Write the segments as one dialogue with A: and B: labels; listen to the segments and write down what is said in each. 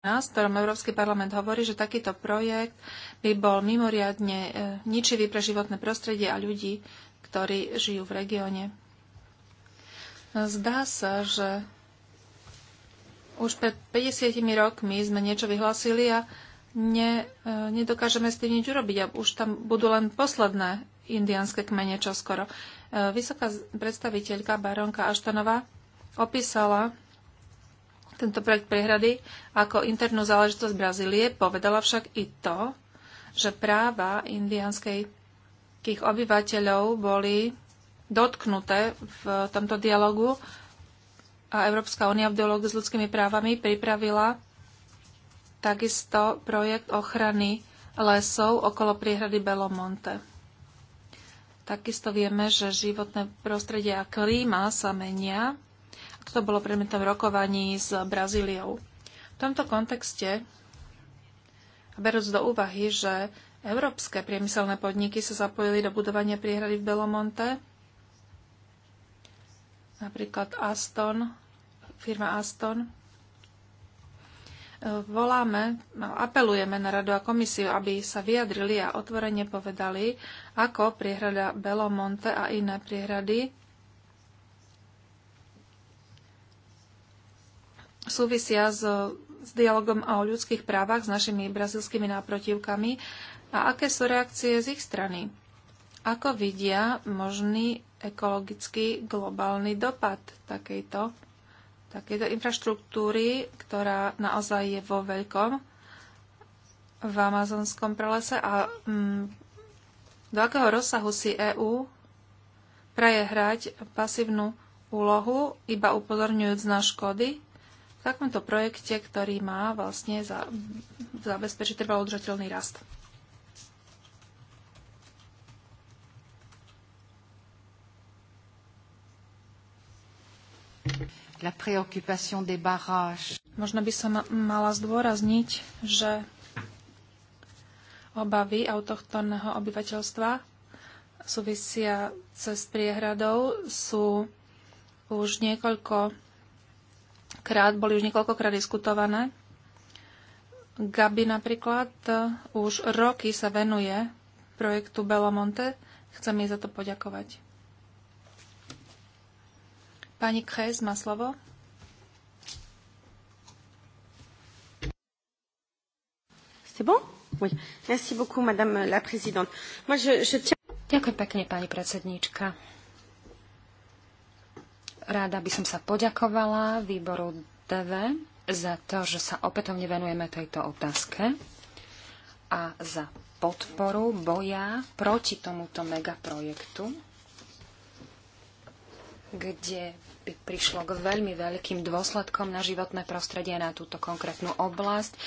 A: v ktorom Európsky parlament hovorí, že takýto projekt by bol mimoriadne e, ničivý pre životné prostredie a ľudí, ktorí žijú v regióne. Zdá sa, že už pred 50 rokmi sme niečo vyhlasili a ne, e, nedokážeme s tým nič urobiť a už tam budú len posledné indianské kmene čoskoro. E, vysoká predstaviteľka baronka Aštanová opísala tento projekt prehrady ako internú záležitosť Brazílie, povedala však i to, že práva indianských obyvateľov boli dotknuté v tomto dialogu a Európska únia v dialogu s ľudskými právami pripravila takisto projekt ochrany lesov okolo priehrady Belomonte. Takisto vieme, že životné prostredie a klíma sa menia to bolo predmetom rokovaní s Brazíliou. V tomto kontexte, berúc do úvahy, že európske priemyselné podniky sa zapojili do budovania priehrady v Belomonte, napríklad Aston, firma Aston, e, voláme, no, apelujeme na radu a komisiu, aby sa vyjadrili a otvorene povedali, ako priehrada Belomonte a iné priehrady súvisia s, s dialogom o ľudských právach s našimi brazilskými náprotivkami a aké sú reakcie z ich strany. Ako vidia možný ekologický globálny dopad takejto, takejto infraštruktúry, ktorá naozaj je vo veľkom v amazonskom prelese a mm, do akého rozsahu si EÚ praje hrať pasívnu úlohu, iba upozorňujúc na škody, v takomto projekte, ktorý má vlastne za, zabezpečiť trvalo udržateľný rast. La préoccupation des barrages. Možno by som mala zdôrazniť, že obavy autochtónneho obyvateľstva súvisia cez priehradou sú už niekoľko krát, boli už niekoľkokrát diskutované. Gabi napríklad e, už roky sa venuje projektu Belomonte. Chcem jej za to poďakovať. Pani Kres má slovo.
B: C'est bon? Oui. Merci beaucoup, madame la présidente. Moi, je, je Ďakujem pekne, pani predsedníčka. Rada by som sa poďakovala výboru DV za to, že sa opätovne venujeme tejto otázke a za podporu boja proti tomuto megaprojektu, kde by prišlo k veľmi veľkým dôsledkom na životné prostredie na túto konkrétnu oblasť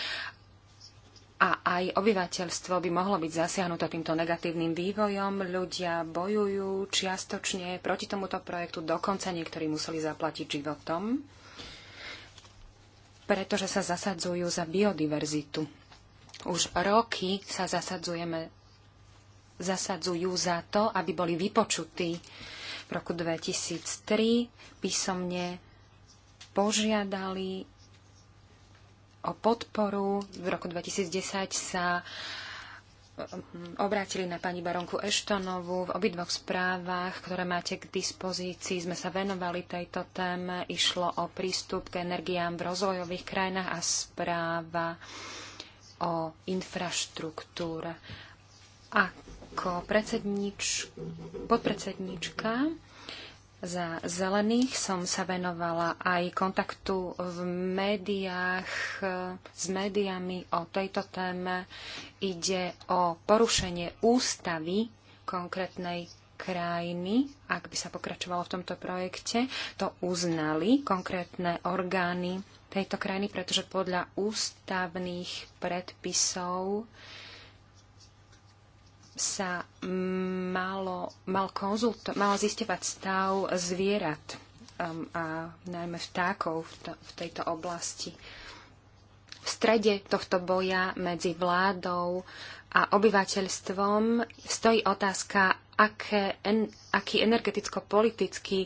B: a aj obyvateľstvo by mohlo byť zasiahnuto týmto negatívnym vývojom. Ľudia bojujú čiastočne proti tomuto projektu, dokonca niektorí museli zaplatiť životom, pretože sa zasadzujú za biodiverzitu. Už roky sa zasadzujeme, zasadzujú za to, aby boli vypočutí. V roku 2003 písomne požiadali o podporu. V roku 2010 sa eh, obrátili na pani baronku Eštonovu. V obidvoch správach, ktoré máte k dispozícii, sme sa venovali tejto téme. Išlo o prístup k energiám v rozvojových krajinách a správa o infraštruktúre. Ako podpredsedníčka za zelených som sa venovala aj kontaktu v médiách s médiami o tejto téme. Ide o porušenie ústavy konkrétnej krajiny, ak by sa pokračovalo v tomto projekte, to uznali konkrétne orgány tejto krajiny, pretože podľa ústavných predpisov sa malo, mal konzulto- malo zistevať stav zvierat um, a najmä vtákov v, to- v tejto oblasti. V strede tohto boja medzi vládou a obyvateľstvom stojí otázka, aké en, aký energeticko-politický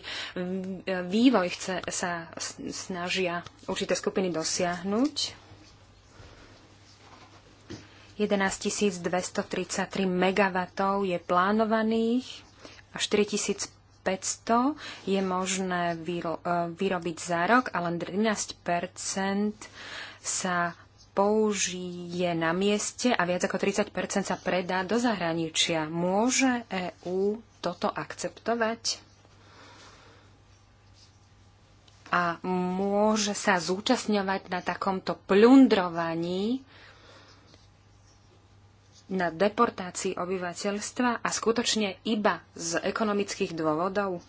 B: vývoj chce, sa snažia určité skupiny dosiahnuť 11 233 MW je plánovaných a 4500 je možné e, vyrobiť za rok a len 13 sa použije na mieste a viac ako 30 sa predá do zahraničia. Môže EÚ toto akceptovať? A môže sa zúčastňovať na takomto plundrovaní na deportácii obyvateľstva a skutočne iba z ekonomických dôvodov?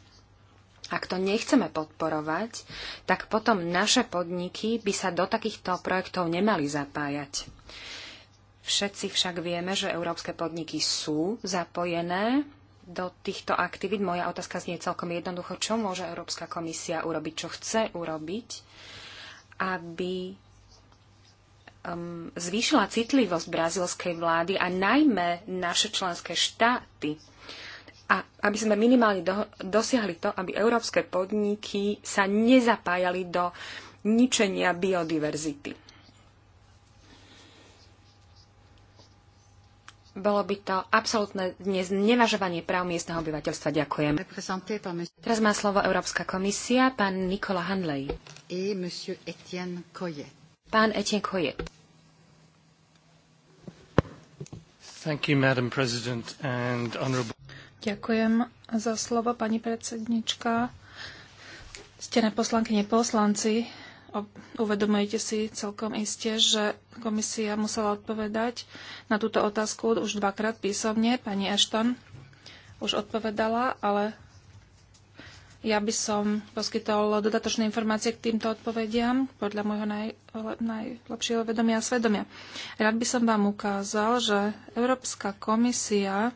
B: Ak to nechceme podporovať, tak potom naše podniky by sa do takýchto projektov nemali zapájať. Všetci však vieme, že európske podniky sú zapojené do týchto aktivít. Moja otázka znie celkom jednoducho, čo môže Európska komisia urobiť, čo chce urobiť, aby um, zvýšila citlivosť brazilskej vlády a najmä naše členské štáty. A aby sme minimálne do, dosiahli to, aby európske podniky sa nezapájali do ničenia biodiverzity. Bolo by to absolútne znevažovanie práv miestneho obyvateľstva. Ďakujem. Teraz má slovo Európska komisia, pán Nikola Hanley. Pán Etienne Coyet.
C: Thank you, Madam President and honorable...
A: Ďakujem za slovo, pani predsednička. Stené poslankyne poslanci, uvedomujete si celkom iste, že komisia musela odpovedať na túto otázku už dvakrát písomne. Pani Ashton už odpovedala, ale ja by som poskytol dodatočné informácie k týmto odpovediam podľa môjho naj, najlepšieho vedomia a svedomia. Rád by som vám ukázal, že Európska komisia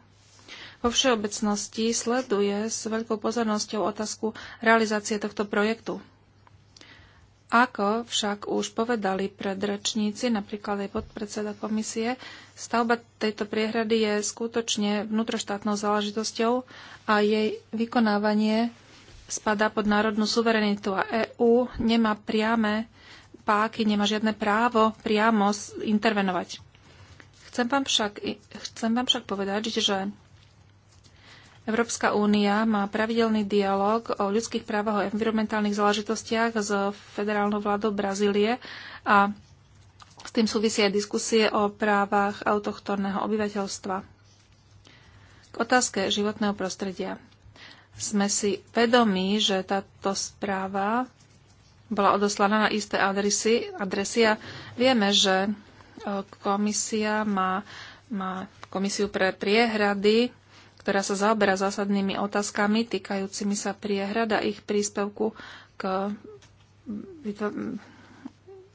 A: vo všeobecnosti sleduje s veľkou pozornosťou otázku realizácie tohto projektu. Ako však už povedali predrečníci, napríklad aj podpredseda komisie, stavba tejto priehrady je skutočne vnútroštátnou záležitosťou a jej vykonávanie spadá pod národnú suverenitu a EÚ nemá priame páky, nemá žiadne právo priamo intervenovať. Chcem vám však, chcem vám však povedať, že Európska únia má pravidelný dialog o ľudských právach a environmentálnych záležitostiach s federálnou vládou Brazílie a s tým súvisia aj diskusie o právach autochtónneho obyvateľstva. K otázke životného prostredia sme si vedomí, že táto správa bola odoslaná na isté adresy, adresy a vieme, že e, komisia má, má komisiu pre priehrady, ktorá sa zaoberá zásadnými otázkami týkajúcimi sa priehrad a ich príspevku k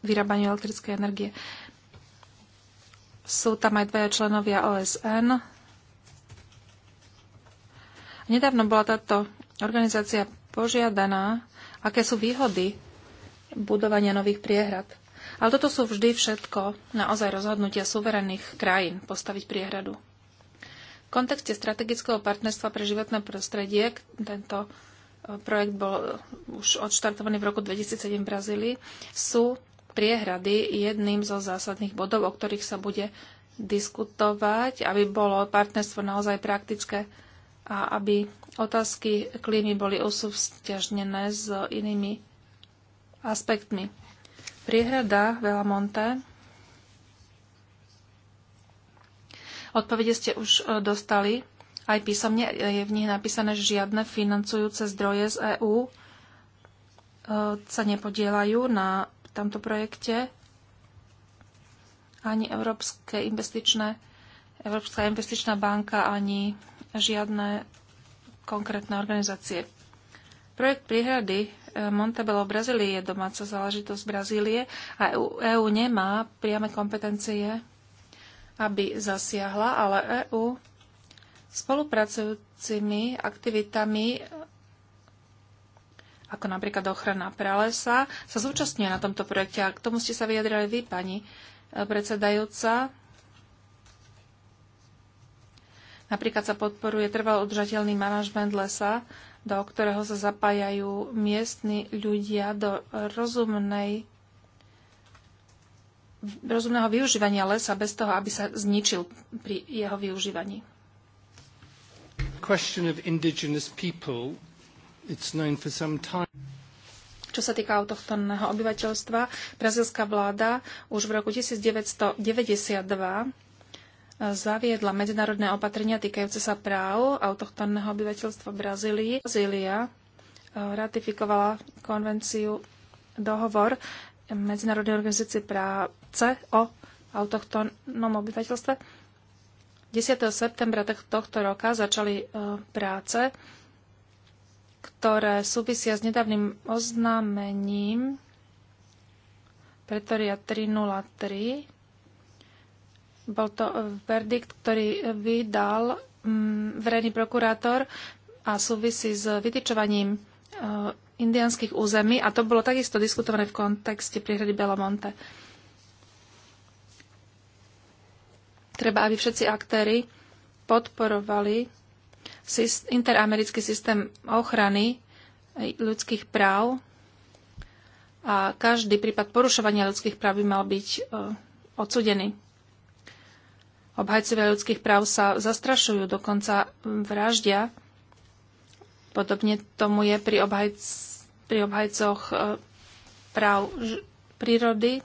A: vyrábaniu elektrickej energie. Sú tam aj dvaja členovia OSN, Nedávno bola táto organizácia požiadaná, aké sú výhody budovania nových priehrad. Ale toto sú vždy všetko naozaj rozhodnutia suverénnych krajín postaviť priehradu. V kontexte strategického partnerstva pre životné prostredie tento e, projekt bol e, už odštartovaný v roku 2007 v Brazílii, sú priehrady jedným zo zásadných bodov, o ktorých sa bude diskutovať, aby bolo partnerstvo naozaj praktické a aby otázky klímy boli osúvzťažnené s inými aspektmi. Priehrada Vela Monte. Odpovede ste už e, dostali. Aj písomne je v nich napísané, že žiadne financujúce zdroje z EÚ e, sa nepodielajú na tomto projekte. Ani Európske investičné, Európska investičná banka, ani žiadne konkrétne organizácie. Projekt príhrady e, Montebello v Brazílii je domáca záležitosť Brazílie a EU, EU nemá priame kompetencie, aby zasiahla, ale EU spolupracujúcimi aktivitami ako napríklad ochrana pralesa, sa zúčastňuje na tomto projekte. A k tomu ste sa vyjadrali vy, pani e, predsedajúca. Napríklad sa podporuje trvalo udržateľný manažment lesa, do ktorého sa zapájajú miestni ľudia do rozumnej rozumného využívania lesa bez toho, aby sa zničil pri jeho využívaní. Čo sa týka autochtónneho obyvateľstva, brazilská vláda už v roku 1992 zaviedla medzinárodné opatrenia týkajúce sa práv autochtónneho obyvateľstva Brazílii. Brazília eh, ratifikovala konvenciu dohovor Medzinárodnej organizácie práce o autochtónnom obyvateľstve. 10. septembra tohto roka začali eh, práce, ktoré súvisia s nedávnym oznámením Pretoria 303 bol to eh, verdikt, ktorý eh, vydal mm, verejný prokurátor a súvisí s vytičovaním eh, indianských území a to bolo takisto diskutované v kontexte príhrady Belomonte. Treba, aby všetci aktéry podporovali interamerický systém ochrany ľudských práv a každý prípad porušovania ľudských práv by mal byť odsudený. Obhajcovia ľudských práv sa zastrašujú, dokonca vraždia. Podobne tomu je pri, obhajc, pri obhajcoch e, práv prírody.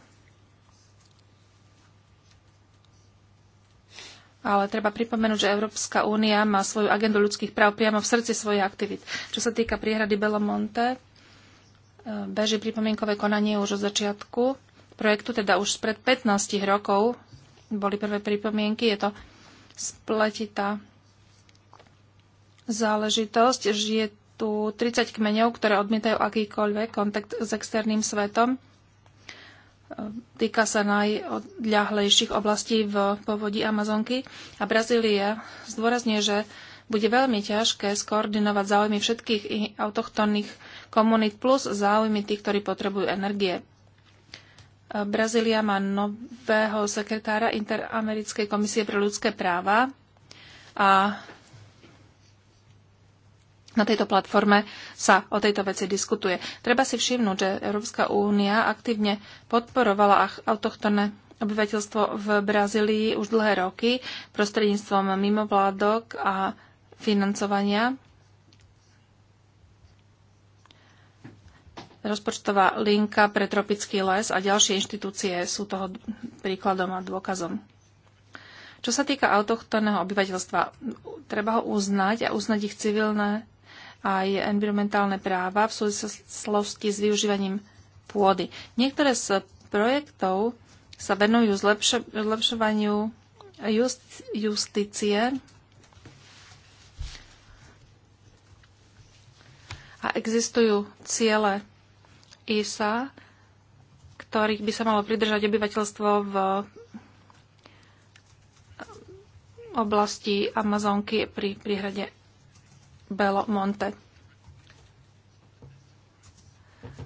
A: Ale treba pripomenúť, že Európska únia má svoju agendu ľudských práv priamo v srdci svojich aktivít. Čo sa týka priehrady Belomonte, e, beží pripomienkové konanie už od začiatku projektu, teda už pred 15 rokov boli prvé pripomienky. Je to spletitá záležitosť. že je tu 30 kmeňov, ktoré odmietajú akýkoľvek kontakt s externým svetom. Týka sa najodľahlejších oblastí v povodí Amazonky. A Brazília zdôrazňuje, že bude veľmi ťažké skoordinovať záujmy všetkých autochtónnych komunít plus záujmy tých, ktorí potrebujú energie. Brazília má nového sekretára Interamerickej komisie pre ľudské práva a na tejto platforme sa o tejto veci diskutuje. Treba si všimnúť, že Európska únia aktívne podporovala autochtónne obyvateľstvo v Brazílii už dlhé roky prostredníctvom mimovládok a financovania rozpočtová linka pre tropický les a ďalšie inštitúcie sú toho príkladom a dôkazom. Čo sa týka autochtónneho obyvateľstva, treba ho uznať a uznať ich civilné aj environmentálne práva v súvislosti s využívaním pôdy. Niektoré z projektov sa venujú zlepšovaniu just- justície a existujú ciele ISA, ktorých by sa malo pridržať obyvateľstvo v oblasti Amazonky pri príhrade Belo Monte.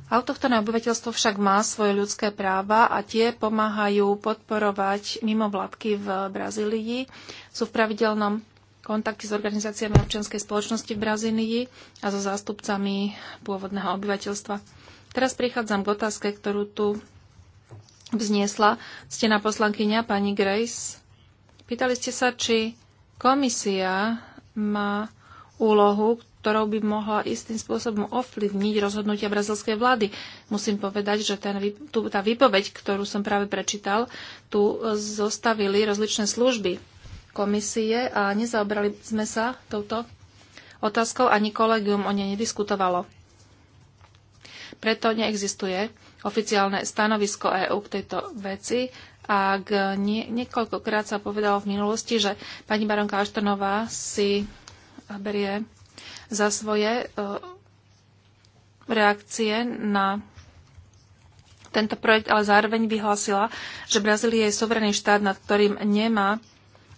A: Autochtónne obyvateľstvo však má svoje ľudské práva a tie pomáhajú podporovať mimovládky v Brazílii. Sú v pravidelnom kontakte s organizáciami občianskej spoločnosti v Brazílii a so zástupcami pôvodného obyvateľstva. Teraz prichádzam k otázke, ktorú tu vzniesla stená poslankyňa pani Grace. Pýtali ste sa, či komisia má úlohu, ktorou by mohla istým spôsobom ovplyvniť rozhodnutia brazilskej vlády. Musím povedať, že ten, tú, tá výpoveď, ktorú som práve prečítal, tu zostavili rozličné služby komisie a nezaobrali sme sa touto otázkou, ani kolegium o nej nediskutovalo. Preto neexistuje oficiálne stanovisko EÚ k tejto veci. A nie, niekoľkokrát sa povedalo v minulosti, že pani baronka Aštonová si berie za svoje e, reakcie na tento projekt, ale zároveň vyhlásila, že Brazília je suverený štát, nad ktorým nemá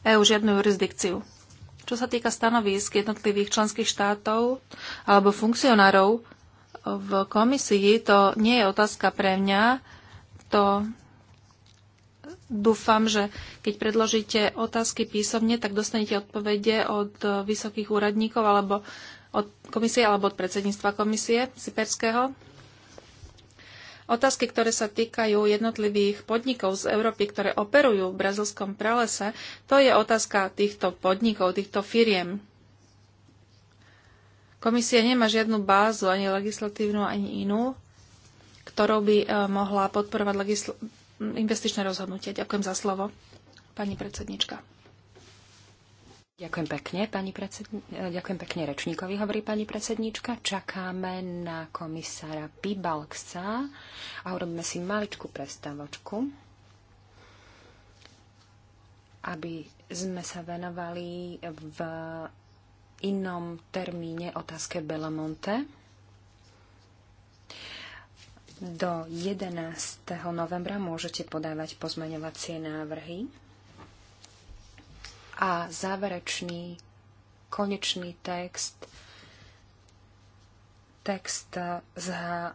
A: EÚ žiadnu jurisdikciu. Čo sa týka stanovísk jednotlivých členských štátov alebo funkcionárov v komisii. To nie je otázka pre mňa. To dúfam, že keď predložíte otázky písomne, tak dostanete odpovede od vysokých úradníkov alebo od komisie alebo od predsedníctva komisie Siperského. Otázky, ktoré sa týkajú jednotlivých podnikov z Európy, ktoré operujú v brazilskom pralese, to je otázka týchto podnikov, týchto firiem. Komisia nemá žiadnu bázu, ani legislatívnu, ani inú, ktorou by e, mohla podporovať legisl- investičné rozhodnutie. Ďakujem za slovo, pani predsednička.
B: Ďakujem pekne, pani predsedni- e, Ďakujem pekne rečníkovi, hovorí pani predsednička. Čakáme na komisára Pibalksa a urobíme si maličkú prestavočku, aby sme sa venovali v inom termíne otázke Belamonte. Do 11. novembra môžete podávať pozmaňovacie návrhy a záverečný konečný text text eh, za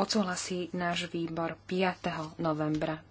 B: odsúhlasí náš výbor 5. novembra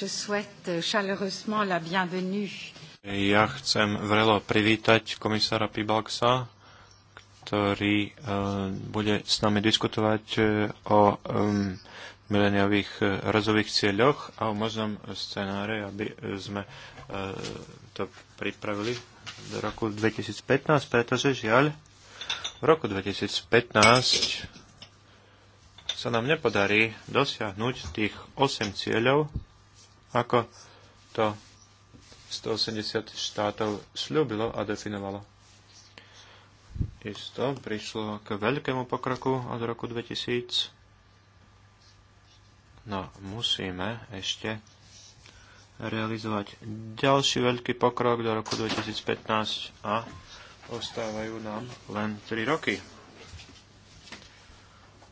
B: Je souhaite chaleureusement la bienvenue.
C: Ja chcem vrelo privítať komisára Pibalksa, ktorý e, bude s nami diskutovať e, o mileniových e, rozových cieľoch a o možnom scenáre, aby sme to pripravili do roku 2015, pretože žiaľ, v roku 2015 sa nám nepodarí dosiahnuť tých 8 cieľov, ako to 180 štátov slúbilo a definovalo. Isto prišlo k veľkému pokroku od roku 2000. No, musíme ešte realizovať ďalší veľký pokrok do roku 2015 a ostávajú nám len 3 roky.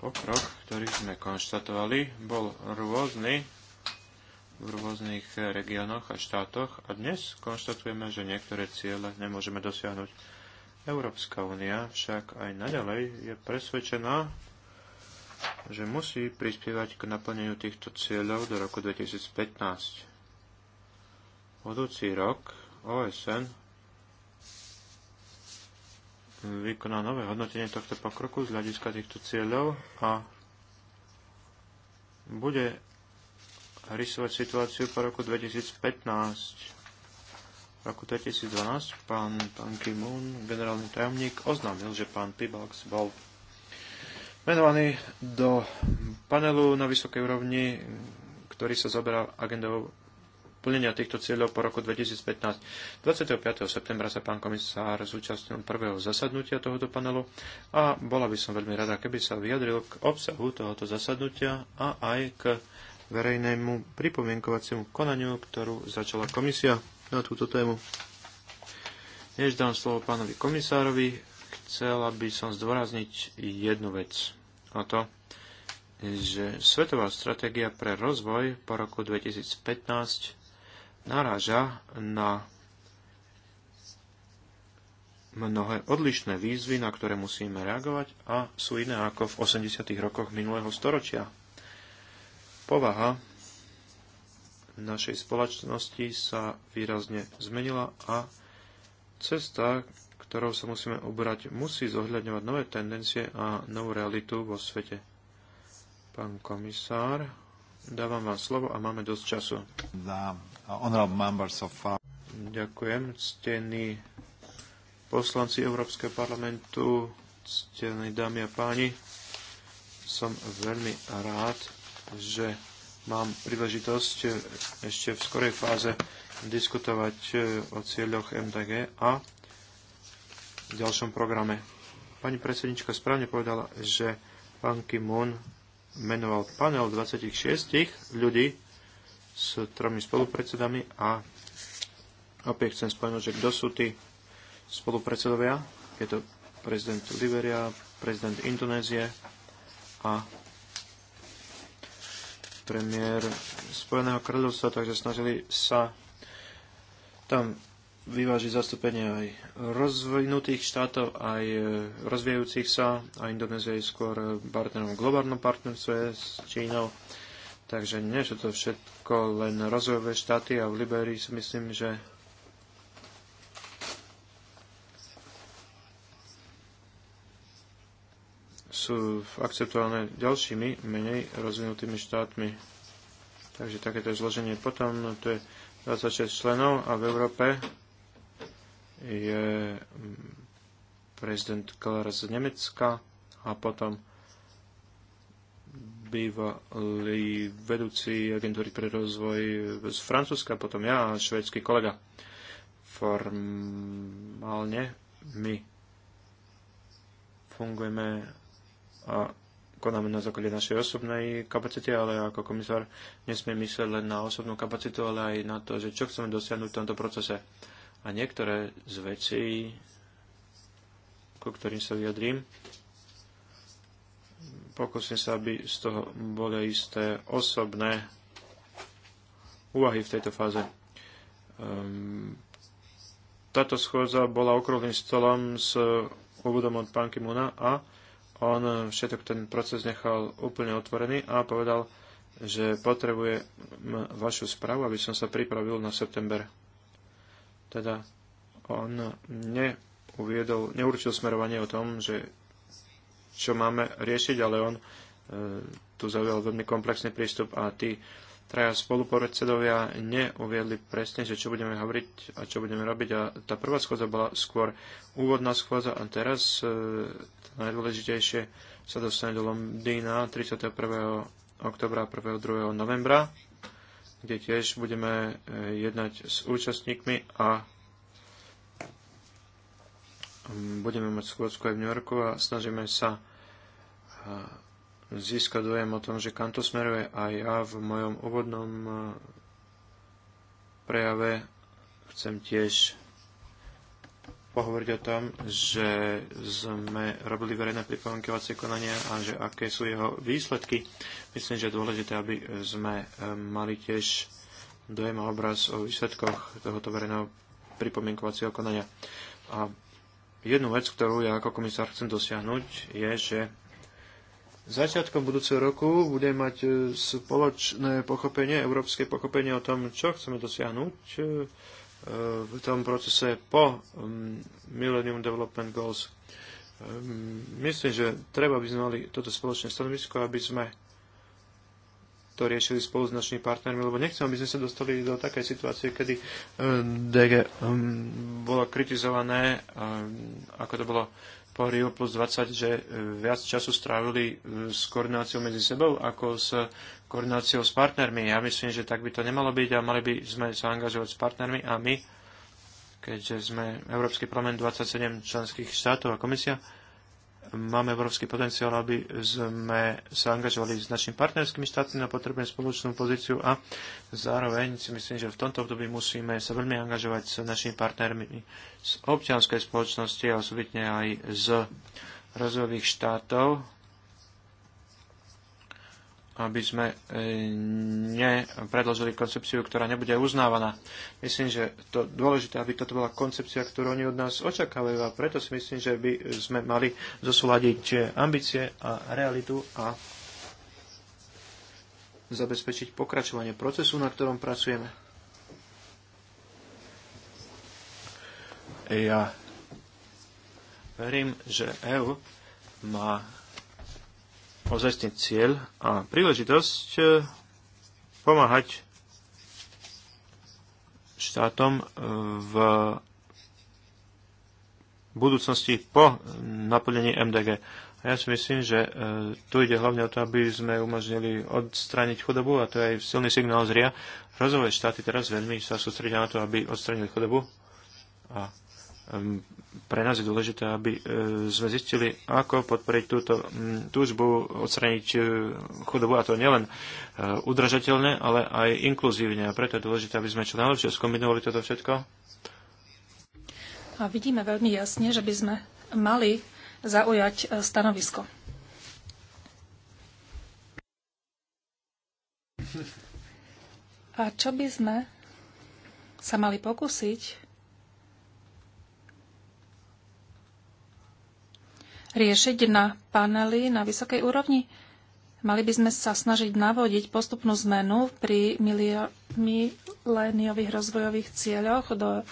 C: Pokrok, ktorý sme konštatovali, bol rôzny v rôznych regiónoch a štátoch a dnes konštatujeme, že niektoré ciele nemôžeme dosiahnuť. Európska únia však aj naďalej je presvedčená, že musí prispievať k naplneniu týchto cieľov do roku 2015. Budúci rok OSN vykoná nové hodnotenie tohto pokroku z hľadiska týchto cieľov a bude rysovať situáciu po roku 2015. V roku 2012 pán, pán Kim Moon, generálny tajomník, oznámil, že pán Pibalks bol menovaný do panelu na vysokej úrovni, ktorý sa zaoberá agendou plnenia týchto cieľov po roku 2015. 25. septembra sa pán komisár zúčastnil prvého zasadnutia tohoto panelu a bola by som veľmi rada, keby sa vyjadril k obsahu tohoto zasadnutia a aj k verejnému pripomienkovaciemu konaniu, ktorú začala komisia na túto tému. Než dám slovo pánovi komisárovi, chcela by som zdôrazniť jednu vec. A to, že Svetová stratégia pre rozvoj po roku 2015 naráža na mnohé odlišné výzvy, na ktoré musíme reagovať a sú iné ako v 80. rokoch minulého storočia. Povaha našej spoločnosti sa výrazne zmenila a cesta, ktorou sa musíme obrať, musí zohľadňovať nové tendencie a novú realitu vo svete. Pán komisár, dávam vám slovo a máme dosť času. Uh, Ďakujem, ctení poslanci Európskeho parlamentu, ctení dámy a páni. Som veľmi rád, že mám príležitosť e, ešte v skorej fáze diskutovať e, o cieľoch MDG a v ďalšom programe. Pani predsednička správne povedala, že pán Kimon menoval panel 26 ľudí s tromi spolupredsedami a opäť chcem spomenúť, že kto sú tí spolupredsedovia. Je to prezident Liberia, prezident Indonézie a premiér Spojeného kráľovstva, takže snažili sa tam vyvážiť zastúpenie aj rozvinutých štátov, aj rozvíjajúcich sa a Indonézia je skôr partnerom globálnom partnerstve s Čínou. Takže nie sú to všetko len rozvojové štáty a v Liberii si myslím, že sú akceptované ďalšími menej rozvinutými štátmi. Takže takéto zloženie potom, to je 26 členov a v Európe je mm, prezident Keller z Nemecka a potom bývalý vedúci agentúry pre rozvoj z Francúzska, potom ja a švédsky kolega. Formálne my fungujeme a konáme na základe našej osobnej kapacity, ale ako komisár nesmie myslieť len na osobnú kapacitu, ale aj na to, že čo chceme dosiahnuť v tomto procese. A niektoré z vecí, ku ktorým sa vyjadrím, pokúsim sa, aby z toho boli isté osobné úvahy v tejto fáze. Um, táto schôdza bola okrúhlym stolom s úvodom od pánky Muna a on všetok ten proces nechal úplne otvorený a povedal, že potrebuje vašu správu, aby som sa pripravil na september. Teda on neuviedol, neurčil smerovanie o tom, že čo máme riešiť, ale on e, tu zaujal veľmi komplexný prístup a tí traja spoluporedcedovia neuviedli presne, že čo budeme hovoriť a čo budeme robiť. A tá prvá schôdza bola skôr úvodná schôdza a teraz e, najdôležitejšie sa dostane do Londýna 31. oktobra a 1. 2. novembra, kde tiež budeme e, jednať s účastníkmi a budeme mať schôdzku aj v New Yorku a snažíme sa e, získa dojem o tom, že kam to smeruje. A ja v mojom úvodnom e, prejave chcem tiež pohovoriť o tom, že sme robili verejné pripomienkovacie konania a že aké sú jeho výsledky. Myslím, že je dôležité, aby sme e, mali tiež dojem a obraz o výsledkoch tohoto verejného pripomienkovacieho konania. A jednu vec, ktorú ja ako komisár chcem dosiahnuť, je, že začiatkom budúceho roku bude mať e, spoločné pochopenie, európske pochopenie o tom, čo chceme dosiahnuť e, v tom procese po mm, Millennium Development Goals. E, myslím, že treba by sme mali toto spoločné stanovisko, aby sme to riešili spolu s našimi partnermi, lebo nechcem, aby sme sa dostali do takej situácie, kedy DG bolo kritizované, ako to bolo po Rio plus 20, že e, viac času strávili e, s koordináciou medzi sebou ako s koordináciou s partnermi. Ja myslím, že tak by to nemalo byť a mali by sme sa angažovať s partnermi a my, keďže sme Európsky parlament 27 členských štátov a komisia, máme obrovský potenciál, aby sme sa angažovali s našimi partnerskými štátmi na no potrebujeme spoločnú pozíciu a zároveň si myslím, že v tomto období musíme sa veľmi angažovať s našimi partnermi z občianskej spoločnosti a osobitne aj z rozvojových štátov, aby sme e, nepredložili koncepciu, ktorá nebude uznávaná. Myslím, že to dôležité, aby toto bola koncepcia, ktorú oni od nás očakávajú a preto si myslím, že by sme mali zosúľadiť e, ambície a realitu a zabezpečiť pokračovanie procesu, na ktorom pracujeme. Ja verím, že EU má ozajstný cieľ a príležitosť e, pomáhať štátom e, v budúcnosti po naplnení MDG. A ja si myslím, že e, tu ide hlavne o to, aby sme umožnili odstrániť chudobu a to je aj silný signál zria. Rozvojové štáty teraz veľmi sa sústredia na to, aby odstránili chudobu a pre nás je dôležité, aby e, sme zistili, ako podporiť túto túžbu odstraniť e, chudobu, a to nielen e, udržateľne, ale aj inkluzívne. A preto je dôležité, aby sme čo najlepšie skombinovali toto všetko.
A: A vidíme veľmi jasne, že by sme mali zaujať stanovisko. A čo by sme sa mali pokúsiť riešiť na paneli na vysokej úrovni? Mali by sme sa snažiť navodiť postupnú zmenu pri miléniových rozvojových cieľoch do,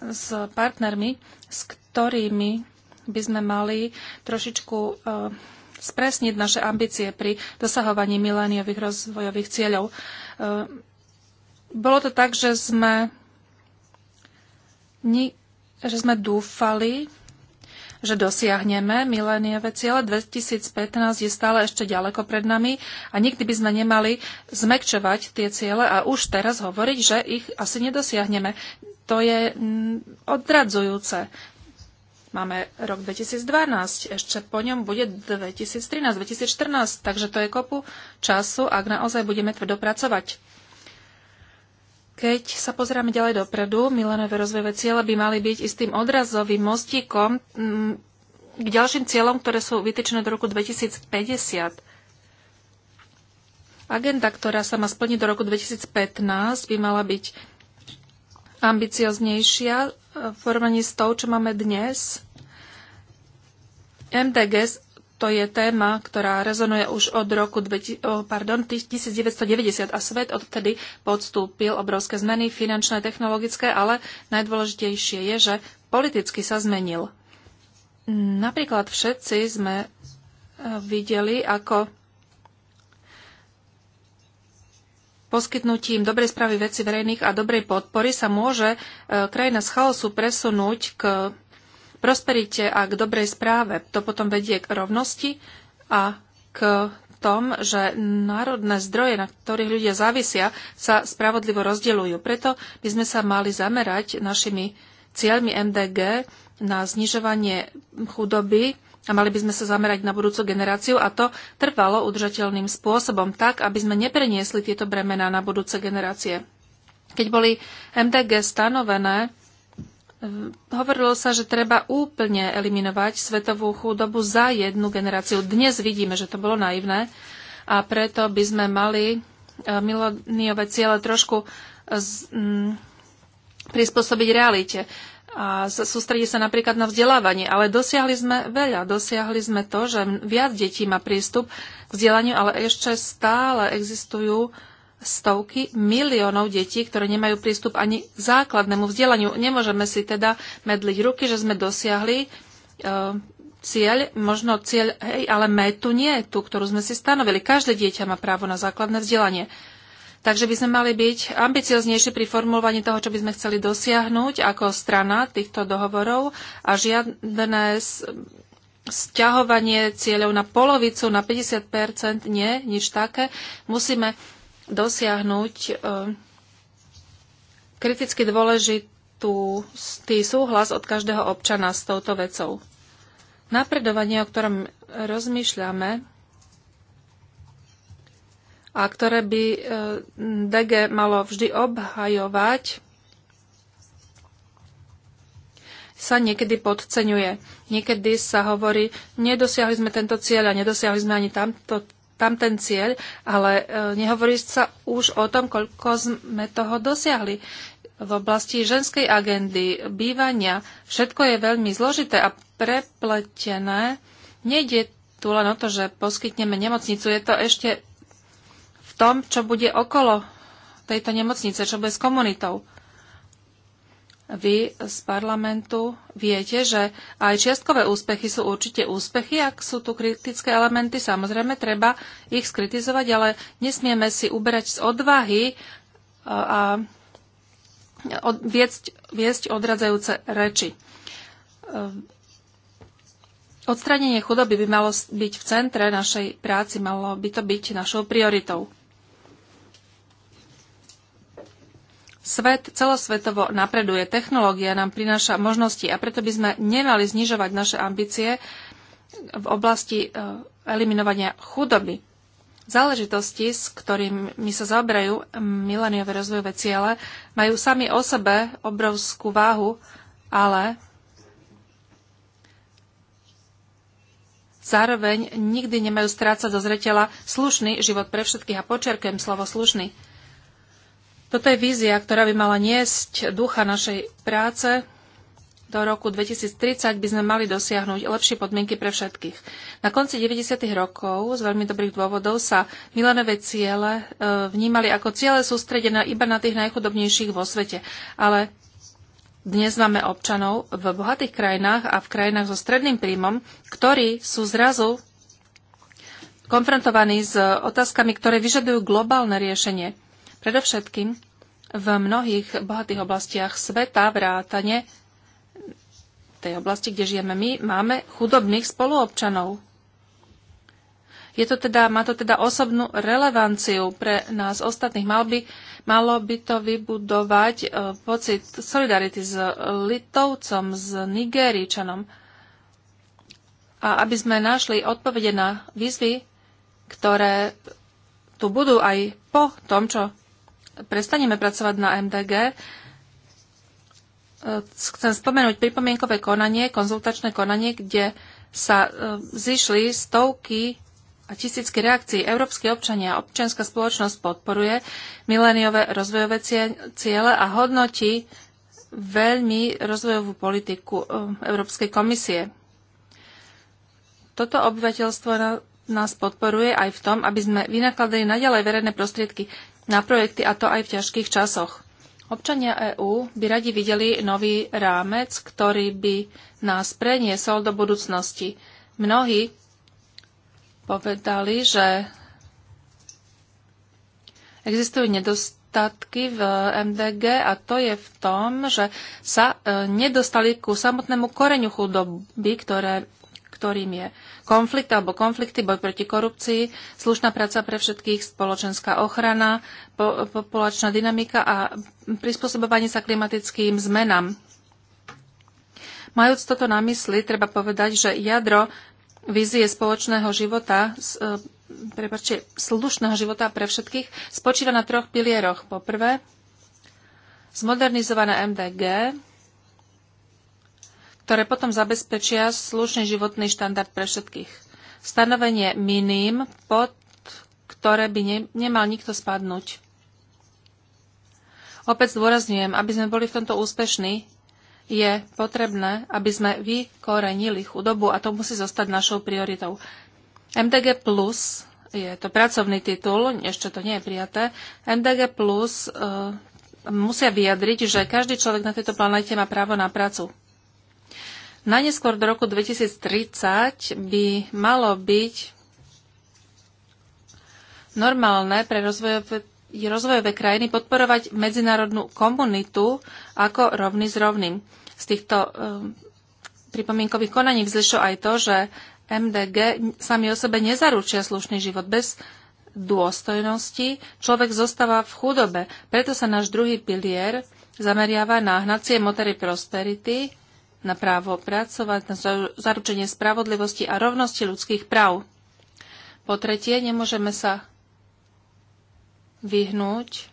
A: s partnermi, s ktorými by sme mali trošičku uh, spresniť naše ambície pri dosahovaní miléniových rozvojových cieľov. Uh, bolo to tak, že sme, ni, že sme dúfali, že dosiahneme miléniové ciele. 2015 je stále ešte ďaleko pred nami a nikdy by sme nemali zmekčovať tie ciele a už teraz hovoriť, že ich asi nedosiahneme. To je mm, odradzujúce. Máme rok 2012, ešte po ňom bude 2013, 2014, takže to je kopu času, ak naozaj budeme tvrdopracovať. Keď sa pozeráme ďalej dopredu, milenové rozvojové ciele by mali byť istým odrazovým mostíkom mm, k ďalším cieľom, ktoré sú vytýčené do roku 2050. Agenda, ktorá sa má splniť do roku 2015, by mala byť ambicioznejšia v porovnaní s tou, čo máme dnes. MDG to je téma, ktorá rezonuje už od roku 2000, pardon, 1990 a svet odtedy podstúpil obrovské zmeny finančné, technologické, ale najdôležitejšie je, že politicky sa zmenil. Napríklad všetci sme e, videli, ako poskytnutím dobrej správy veci verejných a dobrej podpory sa môže e, krajina z chaosu presunúť k prosperite a k dobrej správe. To potom vedie k rovnosti a k tom, že národné zdroje, na ktorých ľudia závisia, sa spravodlivo rozdeľujú. Preto by sme sa mali zamerať našimi cieľmi MDG na znižovanie chudoby a mali by sme sa zamerať na budúcu generáciu a to trvalo udržateľným spôsobom tak, aby sme nepreniesli tieto bremená na budúce generácie. Keď boli MDG stanovené, Ehm, hovorilo sa, že treba úplne eliminovať svetovú chudobu za jednu generáciu. Dnes vidíme, že to bolo naivné a preto by sme mali e, milóniové ciele trošku z, m, mm, prispôsobiť realite a sústrediť sa napríklad na vzdelávanie. Ale dosiahli sme veľa. Dosiahli sme to, že viac detí má prístup k vzdelaniu, ale ešte stále existujú stovky miliónov detí, ktoré nemajú prístup ani k základnému vzdelaniu. Nemôžeme si teda medliť ruky, že sme dosiahli e, cieľ, možno cieľ, hej, ale metu nie, tú, ktorú sme si stanovili. Každé dieťa má právo na základné vzdelanie. Takže by sme mali byť ambicioznejší pri formulovaní toho, čo by sme chceli dosiahnuť ako strana týchto dohovorov a žiadne sťahovanie cieľov na polovicu, na 50 nie, nič také. Musíme dosiahnuť e, kriticky dôležitú súhlas od každého občana s touto vecou. Napredovanie, o ktorom rozmýšľame a ktoré by e, DG malo vždy obhajovať, sa niekedy podceňuje. Niekedy sa hovorí, nedosiahli sme tento cieľ a nedosiahli sme ani tamto tam ten cieľ, ale e, nehovorí sa už o tom, koľko sme toho dosiahli. V oblasti ženskej agendy, bývania, všetko je veľmi zložité a prepletené. Nejde tu len o to, že poskytneme nemocnicu. Je to ešte v tom, čo bude okolo tejto nemocnice, čo bude s komunitou vy z parlamentu viete, že aj čiastkové úspechy sú určite úspechy. Ak sú tu kritické elementy, samozrejme treba ich skritizovať, ale nesmieme si uberať z odvahy e, a viesť, viesť odradzajúce reči. E, Odstranenie chudoby by malo byť v centre našej práci, malo by to byť našou prioritou. Svet celosvetovo napreduje, technológia nám prináša možnosti a preto by sme nemali znižovať naše ambície v oblasti e, eliminovania chudoby. Záležitosti, s ktorými sa zaoberajú mileniové rozvojové ciele, majú sami o sebe obrovskú váhu, ale zároveň nikdy nemajú strácať do zretela slušný život pre všetkých. A počerkujem slovo slušný toto je vízia, ktorá by mala niesť ducha našej práce. Do roku 2030 by sme mali dosiahnuť lepšie podmienky pre všetkých. Na konci 90. rokov z veľmi dobrých dôvodov sa milenové ciele e, vnímali ako ciele sústredené iba na tých najchudobnejších vo svete. Ale dnes máme občanov v bohatých krajinách a v krajinách so stredným príjmom, ktorí sú zrazu konfrontovaní s otázkami, ktoré vyžadujú globálne riešenie. Predovšetkým v mnohých bohatých oblastiach sveta vrátane tej oblasti, kde žijeme my, máme chudobných spoluobčanov. Je to teda, má to teda osobnú relevanciu pre nás ostatných. Mal by, malo by to vybudovať e, pocit solidarity s Litovcom, s Nigéričanom. A aby sme našli odpovede na výzvy, ktoré tu budú aj po tom, čo prestaneme pracovať na MDG, e, chcem spomenúť pripomienkové konanie, konzultačné konanie, kde sa e, zišli stovky a tisícky reakcií. Európsky občania a občianská spoločnosť podporuje miléniové rozvojové ciele a hodnotí veľmi rozvojovú politiku e, Európskej komisie. Toto obyvateľstvo nás podporuje aj v tom, aby sme vynakladali naďalej verejné prostriedky na projekty, a to aj v ťažkých časoch. Občania EÚ by radi videli nový rámec, ktorý by nás preniesol do budúcnosti. Mnohí povedali, že existujú nedostatky v MDG a to je v tom, že sa e, nedostali ku samotnému koreňu chudoby, ktoré ktorým je konflikt alebo konflikty, boj proti korupcii, slušná práca pre všetkých, spoločenská ochrana, po, populačná dynamika a prispôsobovanie sa klimatickým zmenám. Majúc toto na mysli, treba povedať, že jadro vízie spoločného života, e, prepáčte, slušného života pre všetkých, spočíva na troch pilieroch. Po prvé, zmodernizované MDG, ktoré potom zabezpečia slušný životný štandard pre všetkých. Stanovenie minim, pod ktoré by ne, nemal nikto spadnúť. Opäť zdôrazňujem, aby sme boli v tomto úspešní, je potrebné, aby sme vykorenili chudobu a to musí zostať našou prioritou. MDG Plus, je to pracovný titul, ešte to nie je prijaté, MDG Plus uh, musia vyjadriť, že každý človek na tejto planete má právo na prácu. Najneskôr do roku 2030 by malo byť normálne pre rozvojové, rozvojové krajiny podporovať medzinárodnú komunitu ako rovný s rovným. Z týchto um, pripomienkových konaní vzlišlo aj to, že MDG sami o sebe nezaručia slušný život bez dôstojnosti. Človek zostáva v chudobe. Preto sa náš druhý pilier zameriava na hnacie motory prosperity, na právo pracovať, na zaručenie spravodlivosti a rovnosti ľudských práv. Po tretie, nemôžeme sa vyhnúť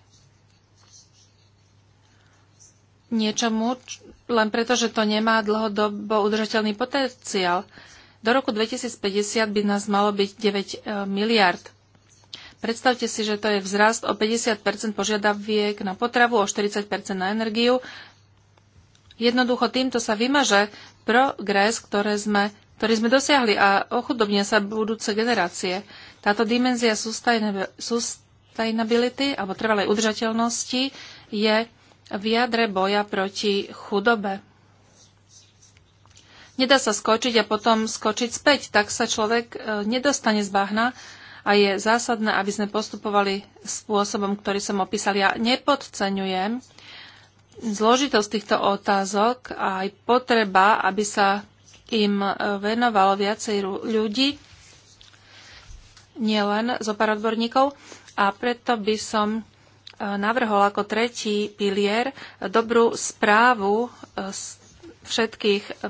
A: niečomu, len preto, že to nemá dlhodobo udržateľný potenciál. Do roku 2050 by nás malo byť 9 e, miliard. Predstavte si, že to je vzrast o 50 požiadaviek na potravu, o 40 na energiu Jednoducho týmto sa vymaže progres, ktoré sme, ktorý sme dosiahli a ochudobnia sa budúce generácie. Táto dimenzia sustainability alebo trvalej udržateľnosti je v jadre boja proti chudobe. Nedá sa skočiť a potom skočiť späť, tak sa človek e, nedostane z bahna a je zásadné, aby sme postupovali spôsobom, ktorý som opísal. Ja nepodceňujem zložitosť týchto otázok a aj potreba, aby sa im e, venovalo viacej ľudí, nielen zo pár odborníkov. A preto by som e, navrhol ako tretí pilier dobrú správu e, všetkých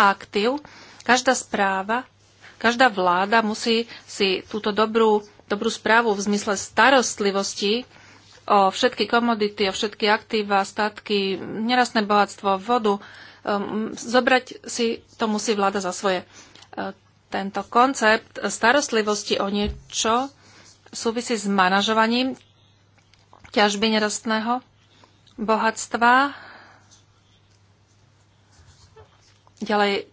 A: aktív. Každá správa, každá vláda musí si túto dobrú, dobrú správu v zmysle starostlivosti o všetky komodity, o všetky aktíva, statky, nerastné bohatstvo, vodu. Um, zobrať si to musí vláda za svoje. E, tento koncept starostlivosti o niečo súvisí s manažovaním ťažby nerastného bohatstva. Ďalej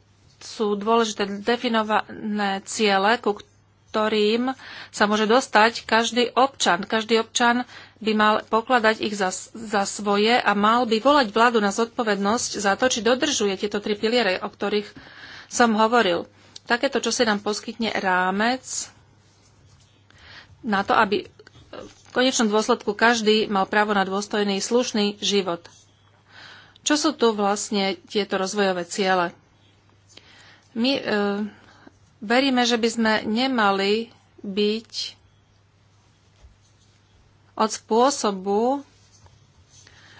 A: sú dôležité definované ciele, ku ktorým sa môže dostať každý občan. Každý občan by mal pokladať ich za, za svoje a mal by volať vládu na zodpovednosť za to, či dodržuje tieto tri piliere, o ktorých som hovoril. Takéto, čo si nám poskytne rámec na to, aby v konečnom dôsledku každý mal právo na dôstojný, slušný život. Čo sú tu vlastne tieto rozvojové ciele? My e, veríme, že by sme nemali byť od spôsobu,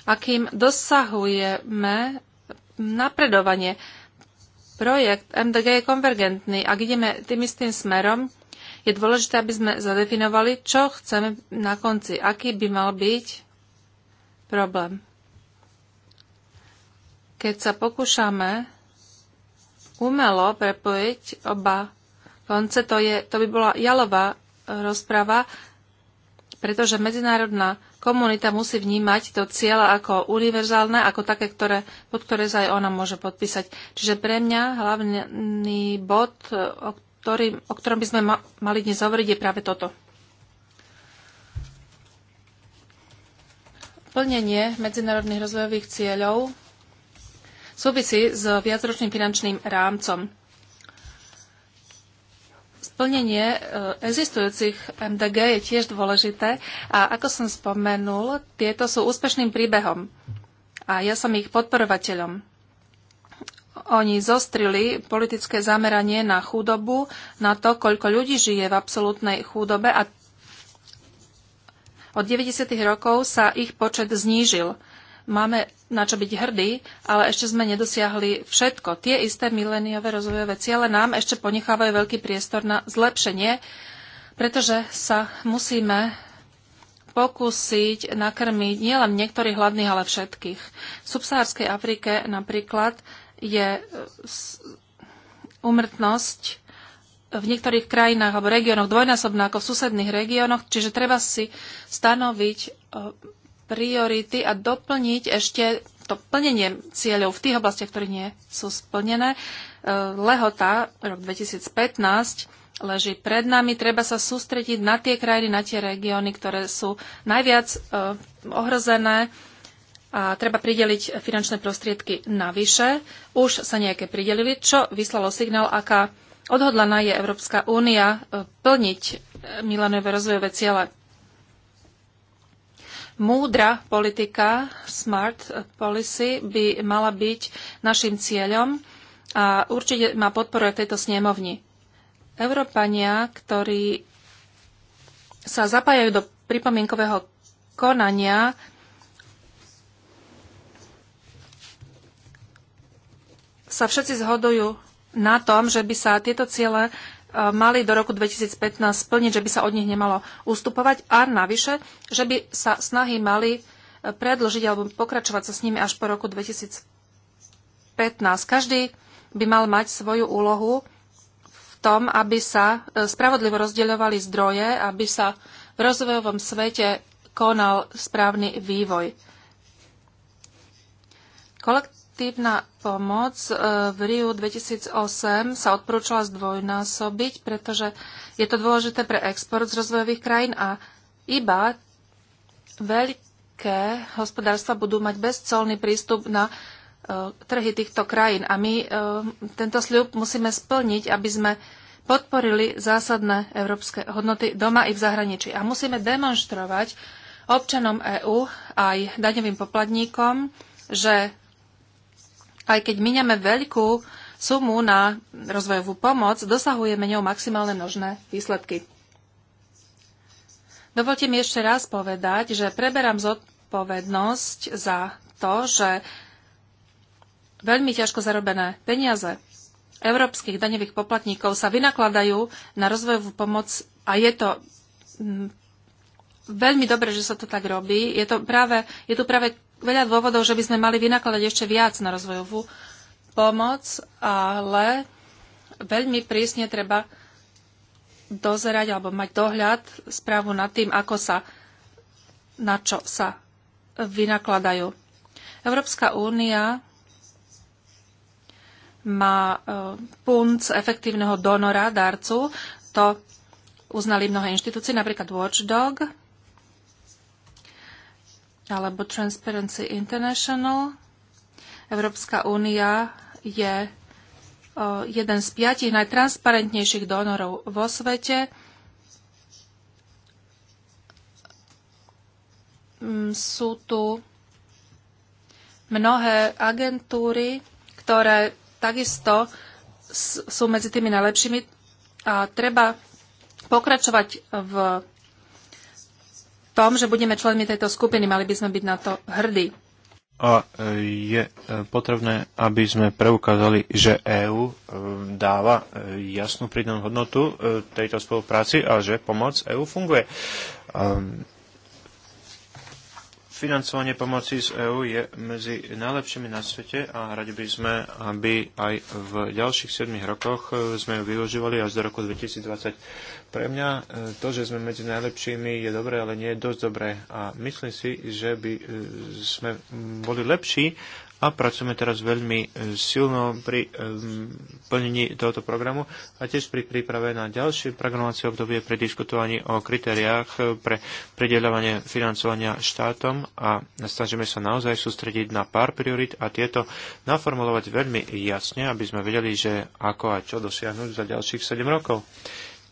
A: akým dosahujeme napredovanie. Projekt MDG je konvergentný. Ak ideme tým istým smerom, je dôležité, aby sme zadefinovali, čo chceme na konci, aký by mal byť problém. Keď sa pokúšame umelo prepojiť oba konce, to, je, to by bola jalová rozprava, pretože medzinárodná komunita musí vnímať to cieľa ako univerzálne, ako také, ktoré, pod ktoré sa aj ona môže podpísať. Čiže pre mňa hlavný bod, o, ktorý, o ktorom by sme ma, mali dnes hovoriť, je práve toto. Plnenie medzinárodných rozvojových cieľov súvisí s viacročným finančným rámcom. Plnenie eh, existujúcich MDG je tiež dôležité a ako som spomenul, tieto sú úspešným príbehom a ja som ich podporovateľom. Oni zostrili politické zameranie na chudobu, na to, koľko ľudí žije v absolútnej chudobe a od 90. rokov sa ich počet znížil máme na čo byť hrdí, ale ešte sme nedosiahli všetko. Tie isté miléniové rozvojové ciele nám ešte ponechávajú veľký priestor na zlepšenie, pretože sa musíme pokúsiť nakrmiť nielen niektorých hladných, ale všetkých. V subsahárskej Afrike napríklad je e, umrtnosť v niektorých krajinách alebo regiónoch dvojnásobná ako v susedných regiónoch, čiže treba si stanoviť e, priority a doplniť ešte to plnenie cieľov v tých oblastiach, ktoré nie sú splnené. E, lehota, rok 2015, leží pred nami. Treba sa sústrediť na tie krajiny, na tie regióny, ktoré sú najviac e, ohrozené a treba prideliť finančné prostriedky navyše. Už sa nejaké pridelili, čo vyslalo signál, aká odhodlaná je Európska únia e, plniť milenové rozvojové ciele. Múdra politika, smart policy, by mala byť našim cieľom a určite má podporu aj v tejto snemovni. Európania, ktorí sa zapájajú do pripomienkového konania, sa všetci zhodujú na tom, že by sa tieto ciele mali do roku 2015 splniť, že by sa od nich nemalo ustupovať a navyše, že by sa snahy mali e, predlžiť alebo pokračovať sa s nimi až po roku 2015. Každý by mal mať svoju úlohu v tom, aby sa e, spravodlivo rozdeľovali zdroje, aby sa v rozvojovom svete konal správny vývoj. Kolekt- Preventívna pomoc e, v Riu 2008 sa odporúčala zdvojnásobiť, pretože je to dôležité pre export z rozvojových krajín a iba veľké hospodárstva budú mať bezcolný prístup na e, trhy týchto krajín. A my e, tento sľub musíme splniť, aby sme podporili zásadné európske hodnoty doma i v zahraničí. A musíme demonstrovať občanom EÚ aj daňovým poplatníkom, že aj keď miniame veľkú sumu na rozvojovú pomoc, dosahujeme ňou maximálne nožné výsledky. Dovolte mi ešte raz povedať, že preberám zodpovednosť za to, že veľmi ťažko zarobené peniaze európskych daňových poplatníkov sa vynakladajú na rozvojovú pomoc a je to mm, veľmi dobre, že sa to tak robí. Je, to práve, je tu práve veľa dôvodov, že by sme mali vynakladať ešte viac na rozvojovú pomoc, ale veľmi prísne treba dozerať alebo mať dohľad, správu nad tým, ako sa, na čo sa vynakladajú. Európska únia má e, punc efektívneho donora, darcu. To uznali mnohé inštitúcie, napríklad Watchdog, alebo Transparency International. Európska únia je jeden z piatich najtransparentnejších donorov vo svete. Mm, sú tu mnohé agentúry, ktoré takisto sú medzi tými najlepšími a treba pokračovať v tom, že budeme členmi tejto skupiny. Mali by sme byť na to hrdí.
C: A e, je e, potrebné, aby sme preukázali, že EÚ e, dáva jasnú pridanú hodnotu tejto spolupráci a že pomoc EÚ funguje. Ehm, Financovanie pomoci z EÚ je medzi najlepšími na svete a radi by sme, aby aj v ďalších 7 rokoch e, sme ju využívali až do roku 2020. Pre mňa e, to, že sme medzi najlepšími je dobré, ale nie je dosť dobré. A myslím si, že by e, sme boli lepší, a pracujeme teraz veľmi e, silno pri e, plnení tohoto programu a tiež pri príprave na ďalšie programovacie obdobie pri diskutovaní o kritériách e, pre predeľovanie financovania štátom a snažíme sa naozaj sústrediť na pár priorit a tieto naformulovať veľmi jasne, aby sme vedeli, že ako a čo dosiahnuť za ďalších 7 rokov.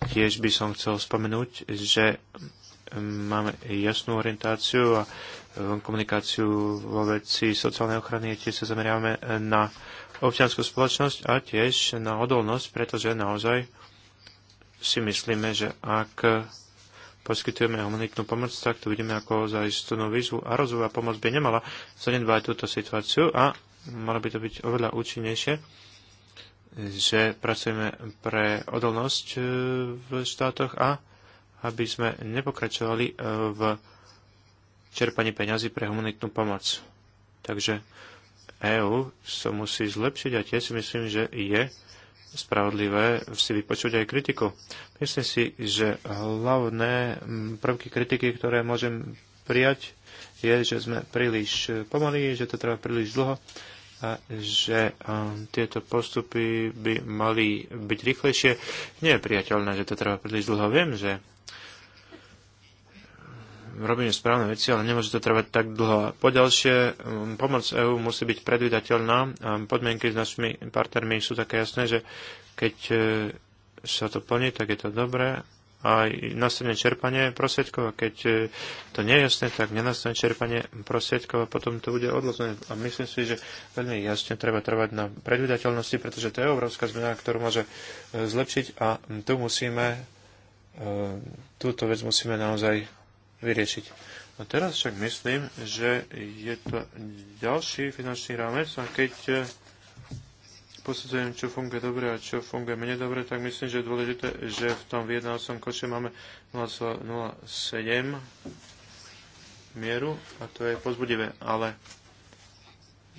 C: Tiež by som chcel spomenúť, že máme jasnú orientáciu a e, komunikáciu vo veci sociálnej ochrany, tiež sa zameriavame na občianskú spoločnosť a tiež na odolnosť, pretože naozaj si myslíme, že ak poskytujeme humanitnú pomoc, tak to vidíme ako zaistnú výzvu a rozvojová pomoc by nemala zanedbať túto situáciu a malo by to byť oveľa účinnejšie, že pracujeme pre odolnosť e, v štátoch a aby sme nepokračovali e, v čerpaní peňazí pre humanitnú pomoc. Takže EÚ sa musí zlepšiť a tiež si myslím, že je spravodlivé si vypočuť aj kritiku. Myslím si, že hlavné prvky kritiky, ktoré môžem prijať, je, že sme príliš pomalí, že to trvá príliš dlho a že tieto postupy by mali byť rýchlejšie. Nie je priateľné, že to trvá príliš dlho. Viem, že robíme správne veci, ale nemôže to trvať tak dlho. Poďalšie, pomoc EÚ musí byť predvydateľná. Podmienky s našimi partnermi sú také jasné, že keď e, sa to plní, tak je to dobré. A nastane čerpanie prosvedkov a keď e, to nie je jasné, tak nenastane čerpanie prosvedkov a potom to bude odložené. A myslím si, že veľmi jasne treba trvať na predvydateľnosti, pretože to je obrovská zmena, ktorú môže e, zlepšiť a tu musíme túto vec musíme naozaj vyriešiť. A teraz však myslím, že je to ďalší finančný rámec a keď e, posudzujem, čo funguje dobre a čo funguje menej dobre, tak myslím, že je dôležité, že v tom vyjednávacom koče máme 0,07 mieru a to je pozbudivé, ale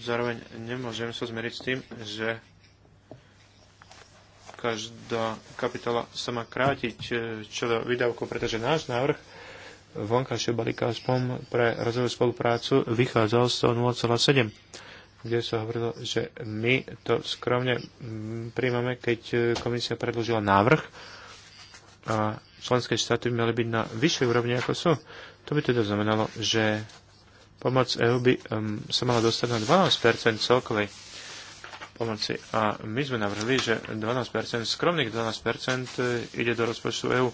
C: zároveň nemôžem sa zmeriť s tým, že každá kapitola sa má krátiť e, čo do výdavku, pretože náš návrh vonkajšie balíka aspoň pre rozvoj spoluprácu vychádzal z toho 0,7 kde sa hovorilo, že my to skromne mm, príjmame, keď e, komisia predložila návrh a členské štáty by mali byť na vyššej úrovni, ako sú. To by teda znamenalo, že pomoc EU by um, sa mala dostať na 12% celkovej pomoci. A my sme navrhli, že 12%, skromných 12% e, ide do rozpočtu EU.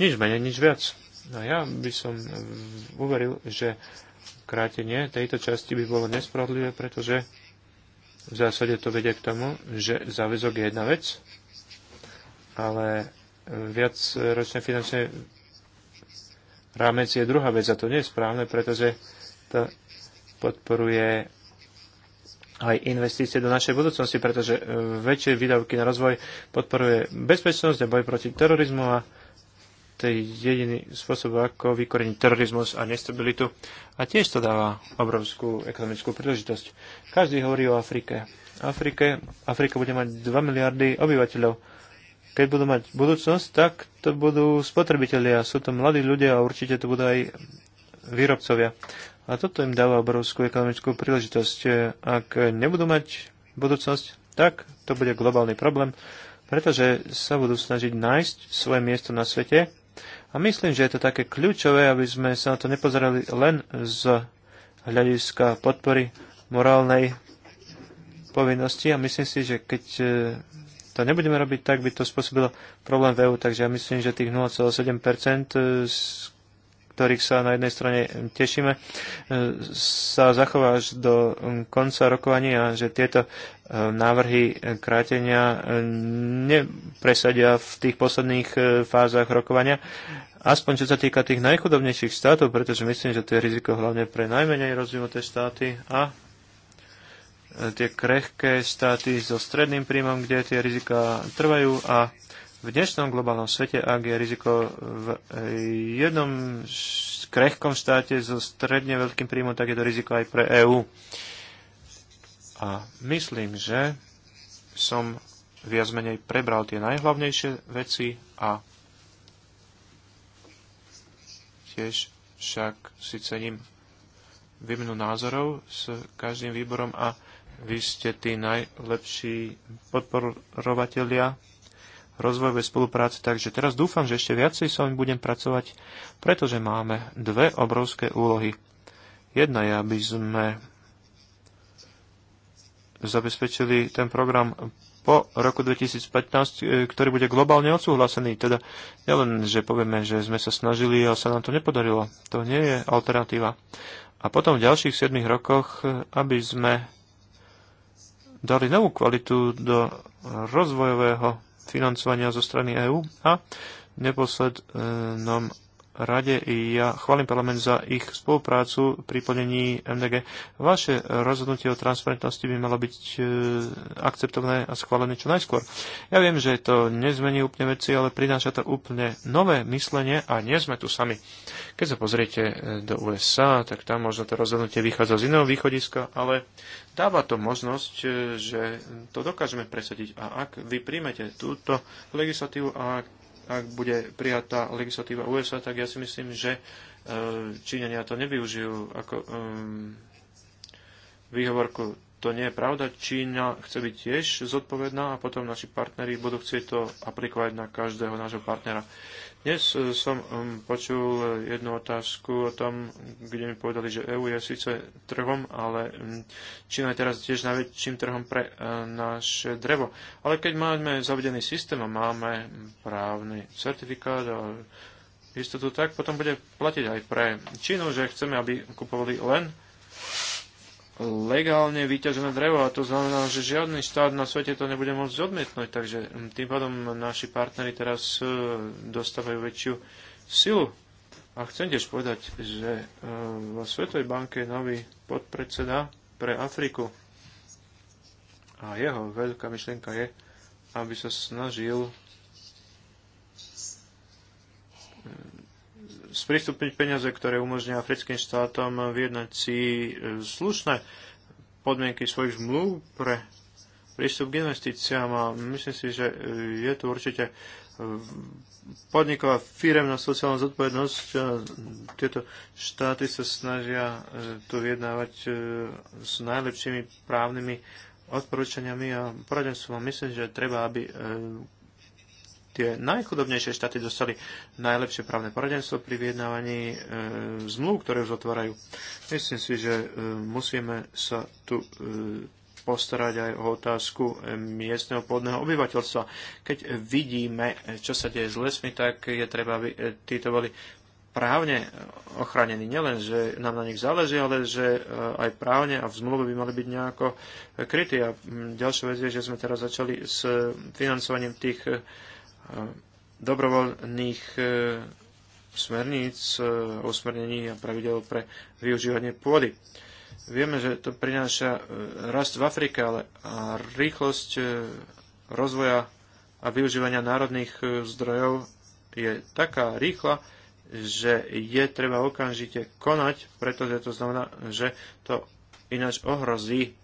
C: Nič menej, nič viac. No ja by som eh, uveril, že krátenie tejto časti by bolo nespravodlivé, pretože v zásade to vedie k tomu, že záväzok je jedna vec, ale eh, viac ročné finančné rámec je druhá vec a to nie je správne, pretože to podporuje aj investície do našej budúcnosti, pretože eh, väčšie výdavky na rozvoj podporuje bezpečnosť a boj proti terorizmu a to je jediný spôsob, ako vykoreniť terorizmus a nestabilitu. A tiež to dáva obrovskú ekonomickú príležitosť. Každý hovorí o Afrike. Afrike Afrika bude mať 2 miliardy obyvateľov. Keď budú mať budúcnosť, tak to budú spotrebitelia. Sú to mladí ľudia a určite to budú aj výrobcovia. A toto im dáva obrovskú ekonomickú príležitosť. Ak nebudú mať budúcnosť, tak to bude globálny problém, pretože sa budú snažiť nájsť svoje miesto na svete a myslím, že je to také kľúčové, aby sme sa na to nepozerali len z hľadiska podpory morálnej povinnosti a myslím si, že keď e, to nebudeme robiť, tak by to spôsobilo problém v EU. Takže ja myslím, že tých 0,7% e, ktorých sa na jednej strane tešíme, e, sa zachová až do mm, konca rokovania, že tieto e, návrhy krátenia e, nepresadia v tých posledných fázach rokovania, aspoň čo sa týka tých najchudobnejších štátov, pretože myslím, že to je riziko hlavne pre najmenej rozvinuté štáty a tie krehké štáty so stredným príjmom, kde tie rizika trvajú a v dnešnom globálnom svete, ak je riziko v eh, jednom krehkom štáte so stredne veľkým príjmom, tak je to riziko aj pre EÚ. A myslím, že som viac menej prebral tie najhlavnejšie veci a tiež však si cením výmenu názorov s každým výborom a vy ste tí najlepší podporovatelia rozvojovej spolupráce, takže teraz dúfam, že ešte viacej s vami budem pracovať, pretože máme dve obrovské úlohy. Jedna je, aby sme zabezpečili ten program po roku 2015, e, ktorý bude globálne odsúhlasený. Teda nielen, že povieme, že sme sa snažili a sa nám to nepodarilo. To nie je alternatíva. A potom v ďalších 7 rokoch, e, aby sme dali novú kvalitu do rozvojového financovania zo strany EÚ a v neposlednom rade. Ja chválim parlament za ich spoluprácu pri plnení MDG. Vaše rozhodnutie o transparentnosti by malo byť e, akceptované a schválené čo najskôr. Ja viem, že to nezmení úplne veci, ale prináša to úplne nové myslenie a nie sme tu sami. Keď sa pozriete e, do USA, tak tam možno to rozhodnutie vychádza z iného východiska, ale dáva to možnosť, e, že to dokážeme presadiť. A ak vy príjmete túto legislatívu a ak ak bude prijatá legislatíva USA, tak ja si myslím, že e, Číňania to nevyužijú ako um, výhovorku. To nie je pravda. Čína chce byť tiež zodpovedná a potom naši partneri budú chcieť to aplikovať na každého nášho partnera. Uh, dnes e, som počul e, jednu otázku o tom, kde mi povedali, že EU je síce trhom, ale Čína je teraz tiež najväčším trhom pre e, naše drevo. Ale keď máme zavedený systém a máme právny certifikát a istotu, tak potom bude platiť aj pre Čínu, že chceme, aby kupovali len legálne vyťažené drevo a to znamená, že žiadny štát na svete to nebude môcť odmietnúť, takže hm, tým pádom naši partnery teraz eh, dostávajú väčšiu silu. A chcem tiež povedať, že eh, vo Svetovej banke je nový podpredseda pre Afriku a jeho veľká myšlienka je, aby sa snažil sprístupniť peniaze, ktoré umožnia africkým štátom vyjednať si e, slušné podmienky svojich zmluv pre prístup k investíciám a myslím si, že e, je tu určite e, podniková firemná sociálna zodpovednosť. Tieto štáty sa snažia tu vyjednávať s najlepšími právnymi odporúčaniami a poradenstvom. Myslím, že treba, aby tie najchudobnejšie štáty dostali najlepšie právne poradenstvo pri vyjednávaní e, zmluv, ktoré už otvárajú. Myslím si, že e, musíme sa tu e, postarať aj o otázku e, miestneho pôdneho obyvateľstva. Keď vidíme, e, čo sa deje s lesmi, tak je treba, aby e, títo boli právne ochránení. Nielen, že nám na nich záleží, ale že aj právne a v zmluve by mali byť nejako krytí. A ďalšia vec je, že sme teraz začali s financovaním tých dobrovoľných e, smerníc, e, usmernení a pravidel pre využívanie pôdy. Vieme, že to prináša e, rast v Afrike, ale a rýchlosť rozvoja a využívania národných zdrojov je taká rýchla, že je treba okamžite konať, pretože to znamená, že to ináč ohrozí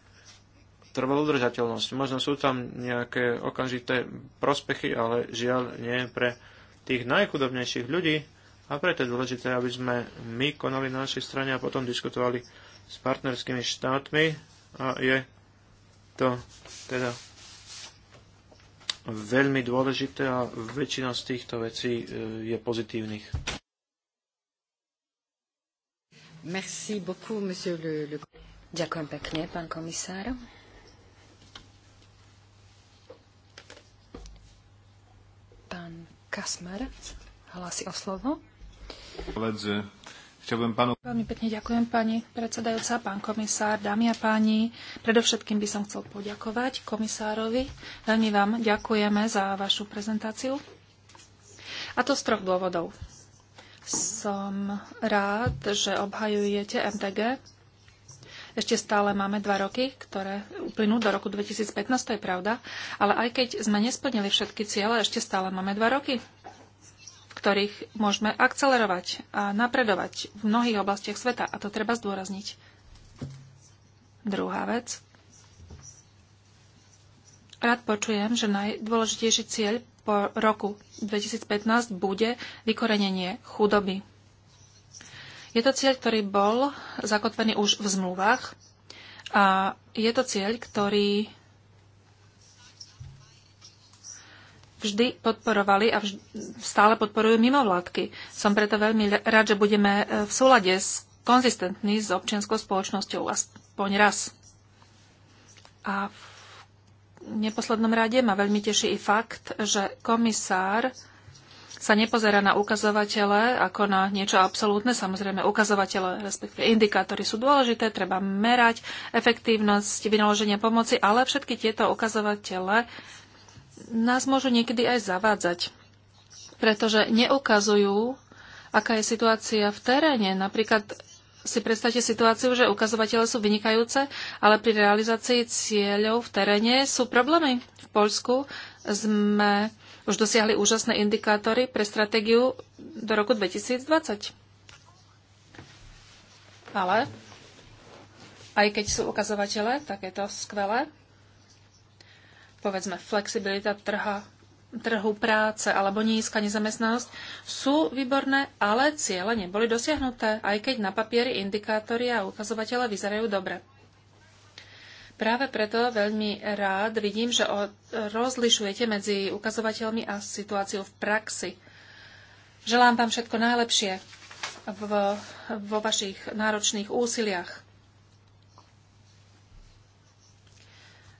C: trvalú udržateľnosť. Možno sú tam nejaké okamžité prospechy, ale žiaľ nie pre tých najchudobnejších ľudí a preto je dôležité, aby sme my konali na našej strane a potom diskutovali s partnerskými štátmi a je to teda veľmi dôležité a väčšina z týchto vecí e, je pozitívnych.
B: Merci beaucoup, monsieur le... Ďakujem pekne, pán komisár.
A: Pán Kasmer hlási o slovo.
C: Koledzy, Chciałbym panu... Veľmi
A: pekne ďakujem, pani predsedajúca, pán komisár, dámy a páni. Predovšetkým by som chcel poďakovať komisárovi. Veľmi vám ďakujeme za vašu prezentáciu. A to z troch dôvodov. Som rád, že obhajujete MTG ešte stále máme dva roky, ktoré uplynú do roku 2015, to je pravda. Ale aj keď sme nesplnili všetky ciele, ešte stále máme dva roky, v ktorých môžeme akcelerovať a napredovať v mnohých oblastiach sveta. A to treba zdôrazniť. Druhá vec. Rád počujem, že najdôležitejší cieľ po roku 2015 bude vykorenenie chudoby. Je to cieľ, ktorý bol zakotvený už v zmluvách a je to cieľ, ktorý vždy podporovali a vždy, stále podporujú mimovládky. Som preto veľmi rád, že budeme e, v súlade s, konzistentní s občianskou spoločnosťou aspoň raz. A v neposlednom rade ma veľmi teší i fakt, že komisár sa nepozerá na ukazovatele ako na niečo absolútne. Samozrejme, ukazovatele, respektíve indikátory sú dôležité, treba merať efektívnosť vynaloženia pomoci, ale všetky tieto ukazovatele nás môžu niekedy aj zavádzať, pretože neukazujú, aká je situácia v teréne. Napríklad si predstavte situáciu, že ukazovatele sú vynikajúce, ale pri realizácii cieľov v teréne sú problémy. V Polsku sme už dosiahli úžasné indikátory pre stratégiu do roku 2020. Ale aj keď sú ukazovatele tak je to skvelé, povedzme flexibilita trha, trhu práce alebo nízka nezamestnanosť, sú výborné, ale ciele neboli dosiahnuté, aj keď na papieri indikátory a ukazovatele vyzerajú dobre. Práve preto veľmi rád vidím, že rozlišujete medzi ukazovateľmi a situáciou v praxi. Želám vám všetko najlepšie vo, vo vašich náročných úsiliach.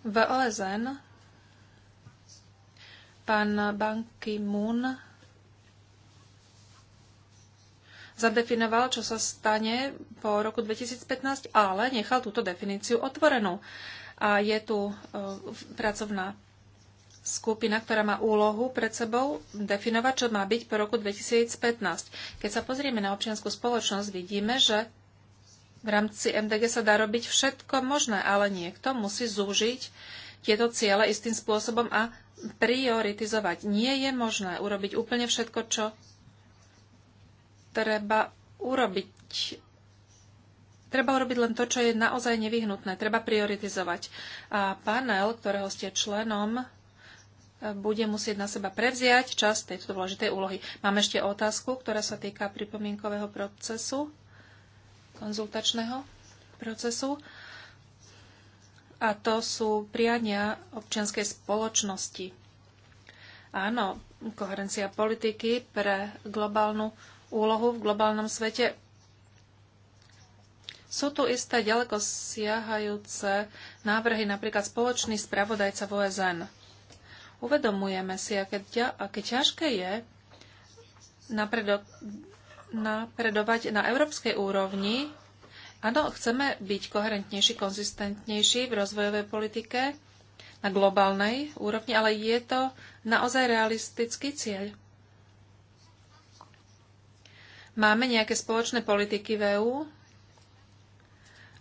A: V OSN pán Banky moon zadefinoval, čo sa stane po roku 2015, ale nechal túto definíciu otvorenú. A je tu e, pracovná skupina, ktorá má úlohu pred sebou definovať, čo má byť po roku 2015. Keď sa pozrieme na občianskú spoločnosť, vidíme, že v rámci MDG sa dá robiť všetko možné, ale niekto musí zúžiť tieto ciele istým spôsobom a prioritizovať. Nie je možné urobiť úplne všetko, čo treba urobiť treba urobiť len to, čo je naozaj nevyhnutné. Treba prioritizovať. A panel, ktorého ste členom, e, bude musieť na seba prevziať čas tejto dôležitej úlohy. Mám ešte otázku, ktorá sa týka pripomienkového procesu, konzultačného procesu. A to sú priania občianskej spoločnosti. Áno, koherencia politiky pre globálnu úlohu v globálnom svete. Sú tu isté ďaleko siahajúce návrhy, napríklad spoločný spravodajca v OSN. Uvedomujeme si, aké, aké ťažké je napredo, napredovať na európskej úrovni. Áno, chceme byť koherentnejší, konzistentnejší v rozvojovej politike na globálnej úrovni, ale je to naozaj realistický cieľ. Máme nejaké spoločné politiky v EÚ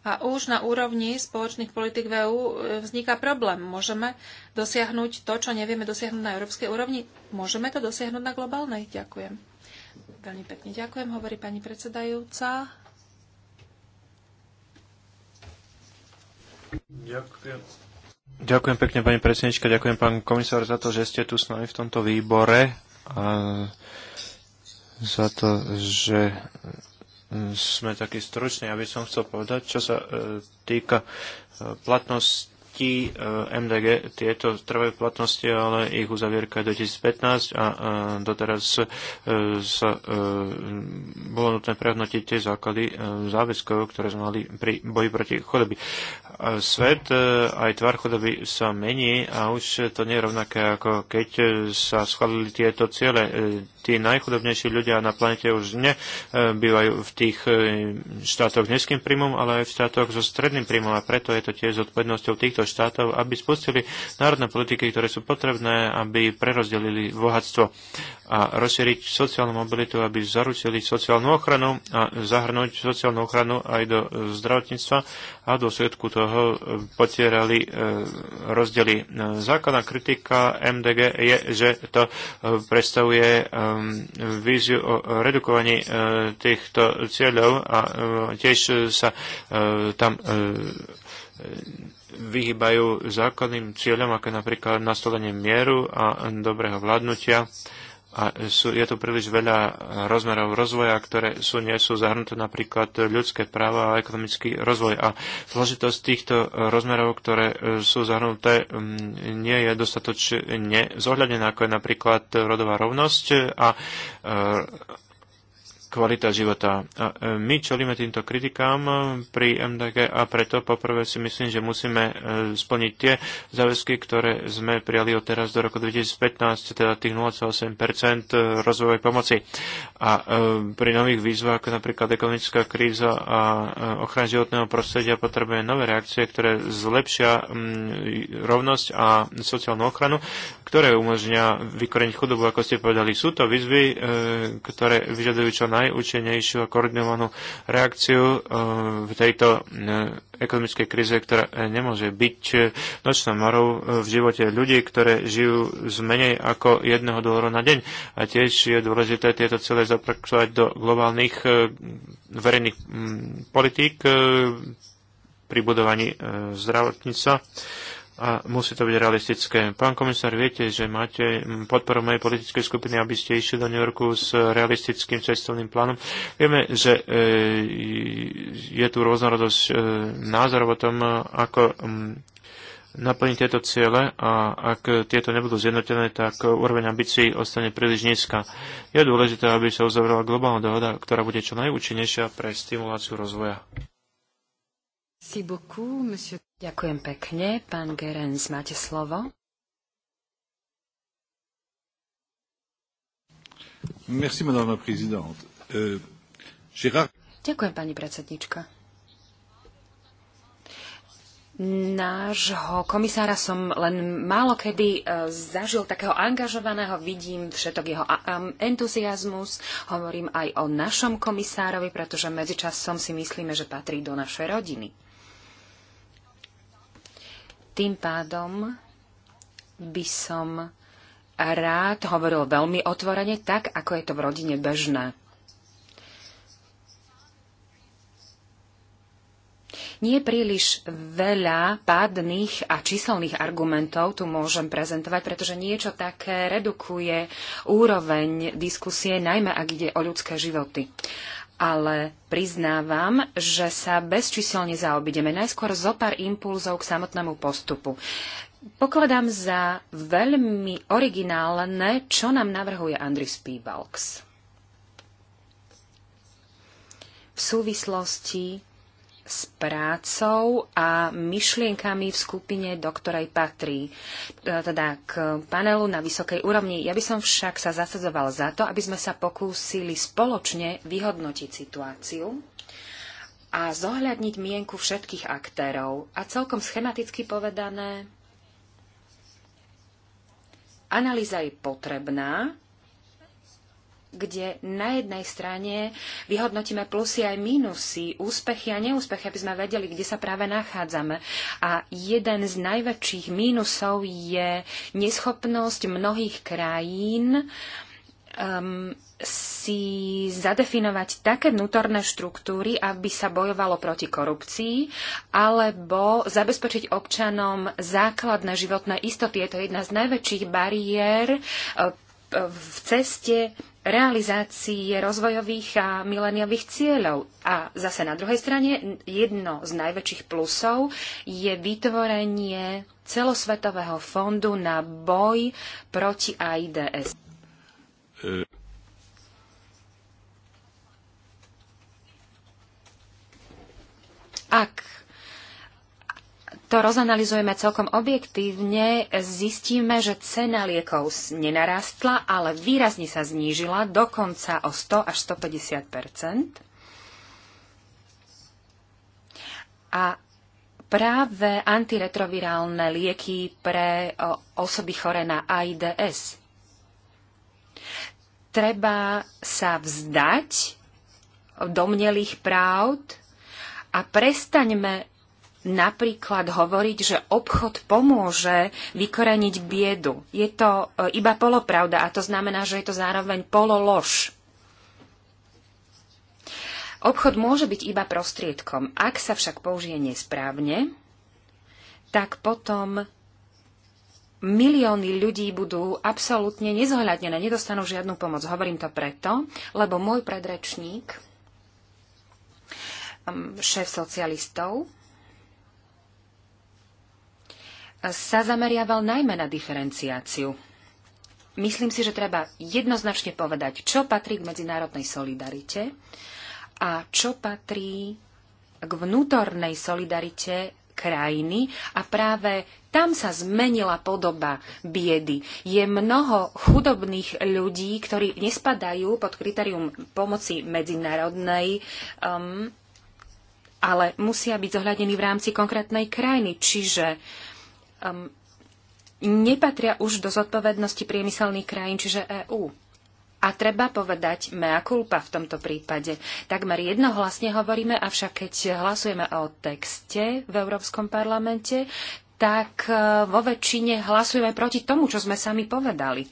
A: a už na úrovni spoločných politik v EÚ e, vzniká problém. Môžeme dosiahnuť to, čo nevieme dosiahnuť na európskej úrovni? Môžeme to dosiahnuť na globálnej? Ďakujem. Veľmi pekne ďakujem, hovorí pani predsedajúca.
C: Ďakujem. Ďakujem pekne, pani predsednička, ďakujem pán komisár za to, že ste tu s nami v tomto výbore. A za to, že mm, sme takí stručný, Ja by som chcel povedať, čo sa e, týka e, platnosti e, MDG, tieto trvajú platnosti, ale ich uzavierka je 2015 a e, doteraz sa bolo nutné prehodnotiť tie základy záväzkov, ktoré sme mali pri boji proti chodoby. Svet, aj tvar chodoby sa mení a už to nie je rovnaké ako keď sa schválili tieto ciele tí najchudobnejší ľudia na planete už nebývajú e, v tých e, štátoch s nízkym príjmom, ale aj v štátoch so stredným príjmom a preto je to tiež zodpovednosťou týchto štátov, aby spustili národné politiky, ktoré sú potrebné, aby prerozdelili bohatstvo a rozšíriť sociálnu mobilitu, aby zaručili sociálnu ochranu a zahrnúť sociálnu ochranu aj do zdravotníctva a do dôsledku toho e, potierali rozdiely. Základná kritika MDG je, že to predstavuje Um, víziu o redukovaní uh, týchto cieľov a uh, tiež sa uh, tam vyhýbajú základným cieľom, ako napríklad nastolenie mieru a dobrého vládnutia a sú, je tu príliš veľa rozmerov rozvoja, ktoré sú, nie sú zahrnuté napríklad ľudské práva a ekonomický rozvoj. A zložitosť týchto rozmerov, ktoré e, sú zahrnuté, nie je dostatočne zohľadnená, ako je napríklad rodová rovnosť a e, kvalita života. A e, my čelíme týmto kritikám e, pri MDG a preto poprvé si myslím, že musíme e, splniť tie záväzky, ktoré sme prijali od teraz do roku 2015, teda tých 0,8 rozvojovej pomoci. A pri nových výzvach, ako napríklad ekonomická kríza a ochrana životného prostredia, potrebujeme nové reakcie, ktoré zlepšia rovnosť a sociálnu ochranu, ktoré umožňa vykoreniť chudobu, ako ste povedali. Sú to výzvy, ktoré vyžadujú čo naj najúčenejšiu a koordinovanú reakciu eh, v tejto eh, ekonomickej krize, ktorá eh, nemôže byť nočnou marou v živote ľudí, ktoré žijú z menej ako jedného dôru na deň. A tiež je dôležité tieto celé zapracovať do globálnych verejných mm, politík pri budovaní zdravotníctva a musí to byť realistické. Pán komisár, viete, že máte podporu mojej politickej skupiny, aby ste išli do New Yorku s realistickým cestovným plánom. Vieme, že e, je tu rôznorodosť e, názorov o tom, ako naplniť tieto ciele a ak tieto nebudú zjednotené, tak úroveň ambícií ostane príliš nízka. Je dôležité, aby sa uzavrela globálna dohoda, ktorá bude čo najúčinnejšia pre stimuláciu rozvoja.
B: Merci beaucoup, monsieur. Ďakujem pekne. Pán Gerenc, máte slovo.
C: Merci, madame la présidente. Euh, Gérard...
B: Ďakujem, pani predsednička. Nášho komisára som len málo kedy e, zažil takého angažovaného, vidím všetok jeho entuziasmus, hovorím aj o našom komisárovi, pretože medzičasom si myslíme, že patrí do našej rodiny. Tým pádom by som rád hovoril veľmi otvorene, tak ako je to v rodine bežné. Nie príliš veľa pádnych a číselných argumentov tu môžem prezentovať, pretože niečo také redukuje úroveň diskusie, najmä ak ide o ľudské životy ale priznávam, že sa bezčíselne zaobideme. Najskôr zo pár impulzov k samotnému postupu. Pokladám za veľmi originálne, čo nám navrhuje Andris Pibalks. V súvislosti s prácou a myšlienkami v skupine, do ktorej patrí, e, teda k panelu na vysokej úrovni. Ja by som však sa zasadzoval za to, aby sme sa pokúsili spoločne vyhodnotiť situáciu a zohľadniť mienku všetkých aktérov a celkom schematicky povedané, analýza je potrebná, kde na jednej strane vyhodnotíme plusy aj mínusy, úspechy a neúspechy, aby sme vedeli, kde sa práve nachádzame. A jeden z najväčších mínusov je neschopnosť mnohých krajín um, si zadefinovať také vnútorné štruktúry, aby sa bojovalo proti korupcii, alebo zabezpečiť občanom základné životné istoty. Je to jedna z najväčších bariér uh, v ceste realizácie rozvojových a mileniových cieľov. A zase na druhej strane jedno z najväčších plusov je vytvorenie celosvetového fondu na boj proti AIDS. Ak to rozanalizujeme celkom objektívne, zistíme, že cena liekov nenarastla, ale výrazne sa znížila, dokonca o 100 až 150 A práve antiretrovirálne lieky pre osoby chore na AIDS. Treba sa vzdať domnelých práv a prestaňme napríklad hovoriť, že obchod pomôže vykoreniť biedu. Je to e, iba polopravda a to znamená, že je to zároveň pololož. Obchod môže byť iba prostriedkom. Ak sa však použije nesprávne, tak potom milióny ľudí budú absolútne nezohľadnené, nedostanú žiadnu pomoc. Hovorím to preto, lebo môj predrečník, šéf socialistov, sa zameriaval najmä na diferenciáciu. Myslím si, že treba jednoznačne povedať, čo patrí k medzinárodnej solidarite a čo patrí k vnútornej solidarite krajiny a práve tam sa zmenila podoba biedy. Je mnoho chudobných ľudí, ktorí nespadajú pod kritérium pomoci medzinárodnej, um, ale musia byť zohľadení v rámci konkrétnej krajiny. Čiže uh, um, nepatria už do zodpovednosti priemyselných krajín, čiže EÚ. A treba povedať mea culpa v tomto prípade. Takmer jednohlasne hovoríme, avšak keď hlasujeme o texte v Európskom parlamente, tak e, vo väčšine hlasujeme proti tomu, čo sme sami povedali.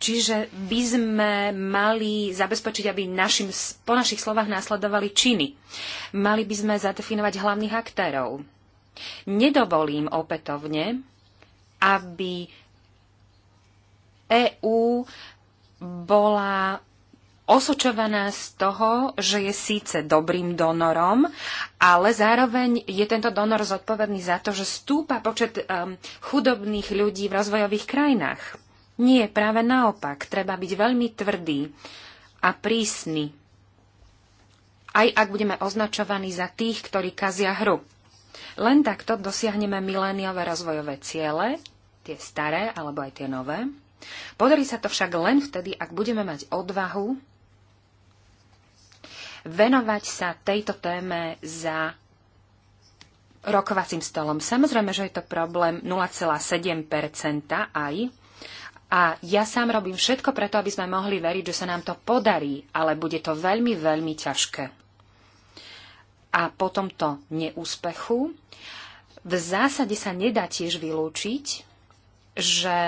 B: Čiže by sme mali zabezpečiť, aby našim, po našich slovách následovali činy. Mali by sme zadefinovať hlavných aktérov Nedovolím opätovne, aby EÚ bola osočovaná z toho, že je síce dobrým donorom, ale zároveň je tento donor zodpovedný za to, že stúpa počet um, chudobných ľudí v rozvojových krajinách. Nie, práve naopak, treba byť veľmi tvrdý a prísny, aj ak budeme označovaní za tých, ktorí kazia hru. Len takto dosiahneme miléniové rozvojové ciele, tie staré alebo aj tie nové. Podarí sa to však len vtedy, ak budeme mať odvahu venovať sa tejto téme za rokovacím stolom. Samozrejme, že je to problém 0,7% aj. A ja sám robím všetko preto, aby sme mohli veriť, že sa nám to podarí, ale bude to veľmi, veľmi ťažké. A po tomto neúspechu v zásade sa nedá tiež vylúčiť, že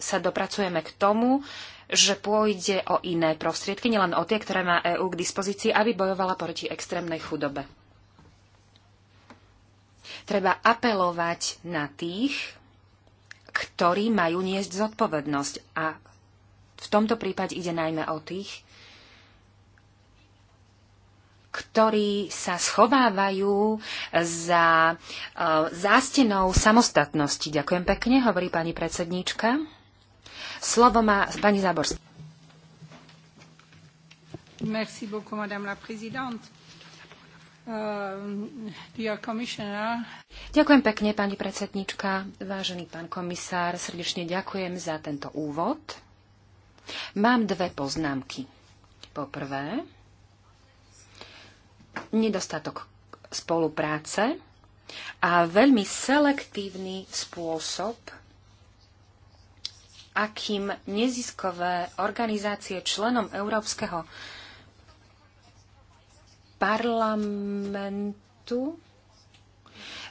B: sa dopracujeme k tomu, že pôjde o iné prostriedky, nielen o tie, ktoré má EÚ k dispozícii, aby bojovala proti extrémnej chudobe. Treba apelovať na tých, ktorí majú niesť zodpovednosť. A v tomto prípade ide najmä o tých, ktorí sa schovávajú za e, zástenou samostatnosti. Ďakujem pekne, hovorí pani predsedníčka. Slovo má pani Záborská.
A: Merci beaucoup, madame la présidente. Euh,
B: ďakujem pekne, pani predsednička. Vážený pán komisár, srdečne ďakujem za tento úvod. Mám dve poznámky. Poprvé nedostatok spolupráce a veľmi selektívny spôsob, akým neziskové organizácie členom Európskeho parlamentu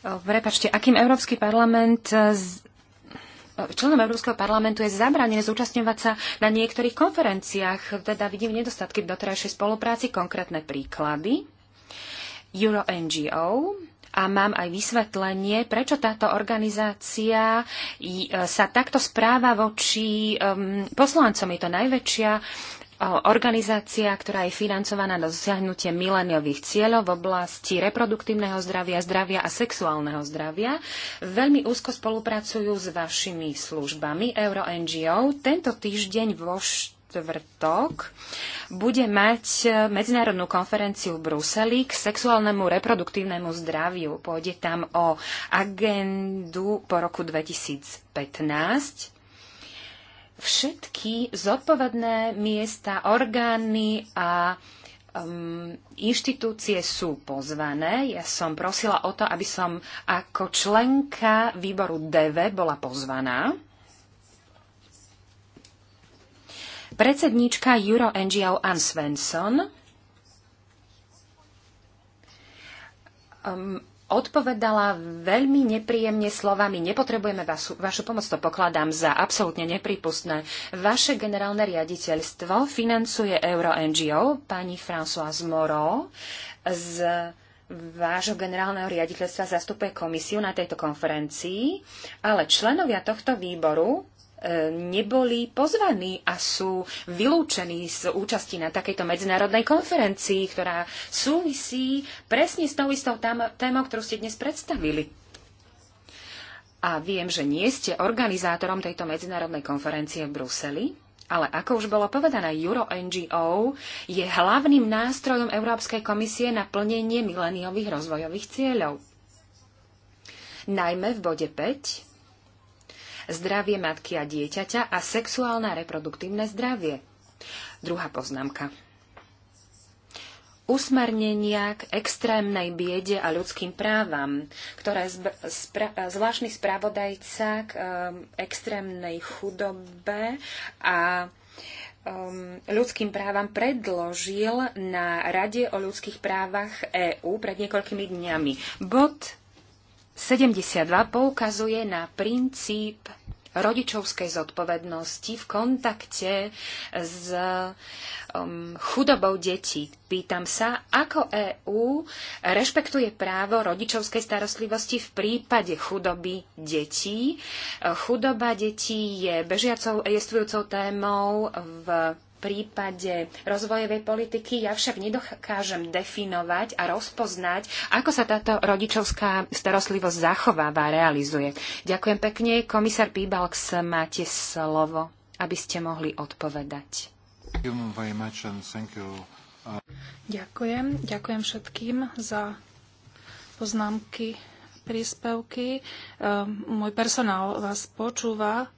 B: eh, Prepačte, akým Európsky parlament eh, eh, členom Európskeho parlamentu je zabranené zúčastňovať sa na niektorých konferenciách. Teda vidím nedostatky v doterajšej spolupráci, konkrétne príklady. Euro NGO, a mám aj vysvetlenie, prečo táto organizácia e, sa takto správa voči poslancom. Je to najväčšia e, organizácia, ktorá je financovaná na dosiahnutie mileniových cieľov v oblasti reproduktívneho zdravia, zdravia a sexuálneho zdravia. Veľmi úzko spolupracujú s vašimi službami Euro NGO. Tento týždeň vo št- štvrtok bude mať medzinárodnú konferenciu v Bruseli k sexuálnemu reproduktívnemu zdraviu. Pôjde tam o agendu po roku 2015. Všetky zodpovedné miesta, orgány a um, inštitúcie sú pozvané. Ja som prosila o to, aby som ako členka výboru DV bola pozvaná. predsedníčka Euro NGO Ann Svensson um, odpovedala veľmi nepríjemne slovami nepotrebujeme vašu, vašu pomoc, to pokladám za absolútne nepripustné. Vaše generálne riaditeľstvo financuje Euro NGO, pani Françoise Moreau z vášho generálneho riaditeľstva zastupuje komisiu na tejto konferencii, ale členovia tohto výboru neboli pozvaní a sú vylúčení z účasti na takejto medzinárodnej konferencii, ktorá súvisí presne s tou istou témou, ktorú ste dnes predstavili. A viem, že nie ste organizátorom tejto medzinárodnej konferencie v Bruseli, ale ako už bolo povedané, Euro NGO je hlavným nástrojom Európskej komisie na plnenie mileniových rozvojových cieľov. Najmä v bode 5 zdravie matky a dieťaťa a sexuálne a reproduktívne zdravie. Druhá poznámka. Usmernenia k extrémnej biede a ľudským právam, ktoré spra- zvláštny spravodajca k um, extrémnej chudobe a um, ľudským právam predložil na Rade o ľudských právach EÚ pred niekoľkými dňami. Bod 72 poukazuje na princíp rodičovskej zodpovednosti v kontakte s um, chudobou detí. Pýtam sa, ako EÚ rešpektuje právo rodičovskej starostlivosti v prípade chudoby detí. Chudoba detí je bežiacou, jestvujúcou témou v prípade rozvojovej politiky ja však nedokážem definovať a rozpoznať, ako sa táto rodičovská starostlivosť zachováva a realizuje. Ďakujem pekne. Komisár Píbalks, máte slovo, aby ste mohli odpovedať.
C: Uh,
A: Ďakujem. Ďakujem všetkým za poznámky, príspevky. Uh, môj personál vás počúva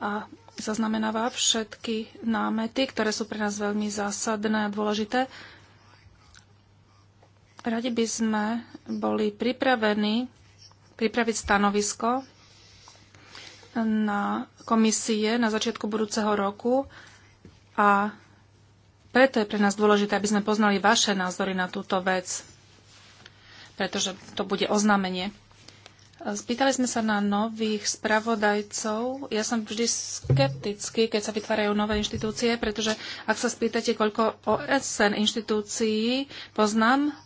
A: a zaznamenáva všetky námety, ktoré sú pre nás veľmi zásadné a dôležité. Radi by sme boli pripravení pripraviť stanovisko na komisie na začiatku budúceho roku a preto je pre nás dôležité, aby sme poznali vaše názory na túto vec, pretože to bude oznámenie. Spýtali sme sa na nových spravodajcov. Ja som vždy skeptický, keď sa vytvárajú nové inštitúcie, pretože ak sa spýtate, koľko OSN inštitúcií poznám,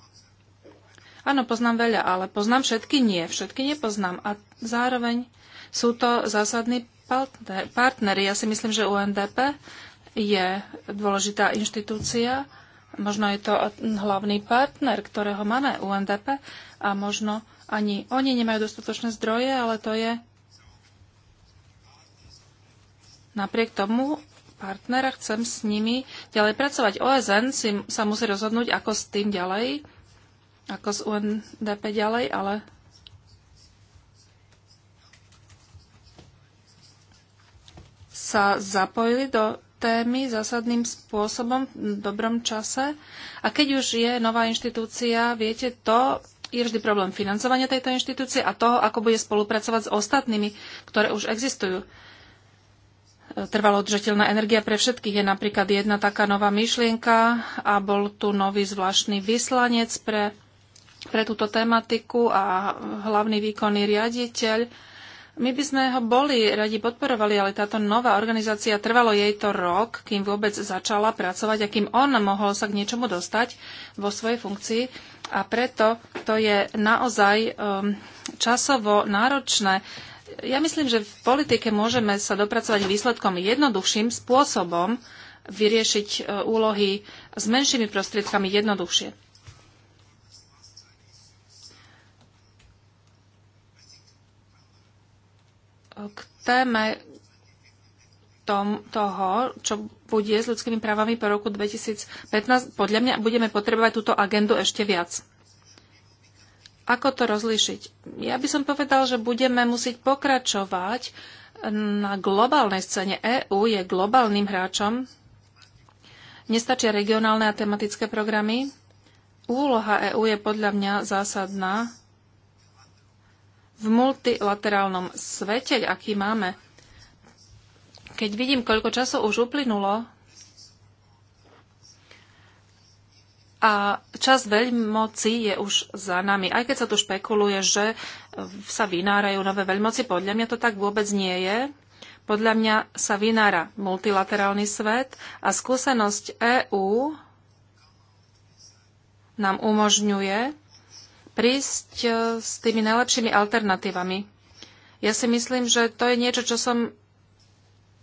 A: áno, poznám veľa, ale poznám všetky nie. Všetky nepoznám. A zároveň sú to zásadní partnery. Ja si myslím, že UNDP je dôležitá inštitúcia. Možno je to hlavný partner, ktorého máme UNDP a možno ani oni nemajú dostatočné zdroje, ale to je napriek tomu partnera, chcem s nimi ďalej pracovať. OSN si, sa musí rozhodnúť, ako s tým ďalej, ako s UNDP ďalej, ale sa zapojili do témy zásadným spôsobom v dobrom čase. A keď už je nová inštitúcia, viete, to je vždy problém financovania tejto inštitúcie a toho, ako bude spolupracovať s ostatnými, ktoré už existujú. Trvalo udržateľná energia pre všetkých je napríklad jedna taká nová myšlienka a bol tu nový zvláštny vyslanec pre, pre túto tematiku a hlavný výkonný riaditeľ my by sme ho boli radi podporovali, ale táto nová organizácia trvalo jej to rok, kým vôbec začala pracovať a kým on mohol sa k niečomu dostať vo svojej funkcii. A preto to je naozaj um, časovo náročné. Ja myslím, že v politike môžeme sa dopracovať výsledkom jednoduchším spôsobom, vyriešiť uh, úlohy s menšími prostriedkami jednoduchšie. k téme tom, toho, čo bude s ľudskými právami po roku 2015, podľa mňa budeme potrebovať túto agendu ešte viac. Ako to rozlišiť? Ja by som povedal, že budeme musieť pokračovať na globálnej scéne. EÚ je globálnym hráčom. Nestačia regionálne a tematické programy. Úloha EÚ je podľa mňa zásadná v multilaterálnom svete, aký máme, keď vidím, koľko času už uplynulo a čas veľmoci je už za nami. Aj keď sa tu špekuluje, že sa vynárajú nové veľmoci, podľa mňa to tak vôbec nie je. Podľa mňa sa vynára multilaterálny svet a skúsenosť EÚ nám umožňuje prísť e, s tými najlepšími alternatívami. Ja si myslím, že to je niečo, čo som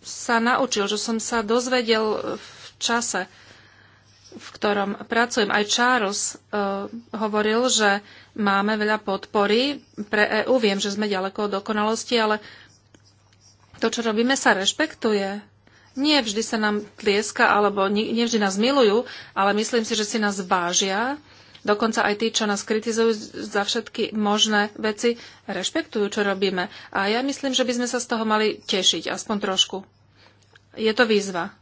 A: sa naučil, že som sa dozvedel v čase, v ktorom pracujem. Aj Charles uh, hovoril, že máme veľa podpory pre EÚ. Viem, že sme ďaleko od dokonalosti, ale to, čo robíme, sa rešpektuje. Nie vždy sa nám tlieska, alebo nie vždy nás milujú, ale myslím si, že si nás vážia Dokonca aj tí, čo nás kritizujú za všetky možné veci, rešpektujú, čo robíme. A ja myslím, že by sme sa z toho mali tešiť, aspoň trošku. Je to výzva.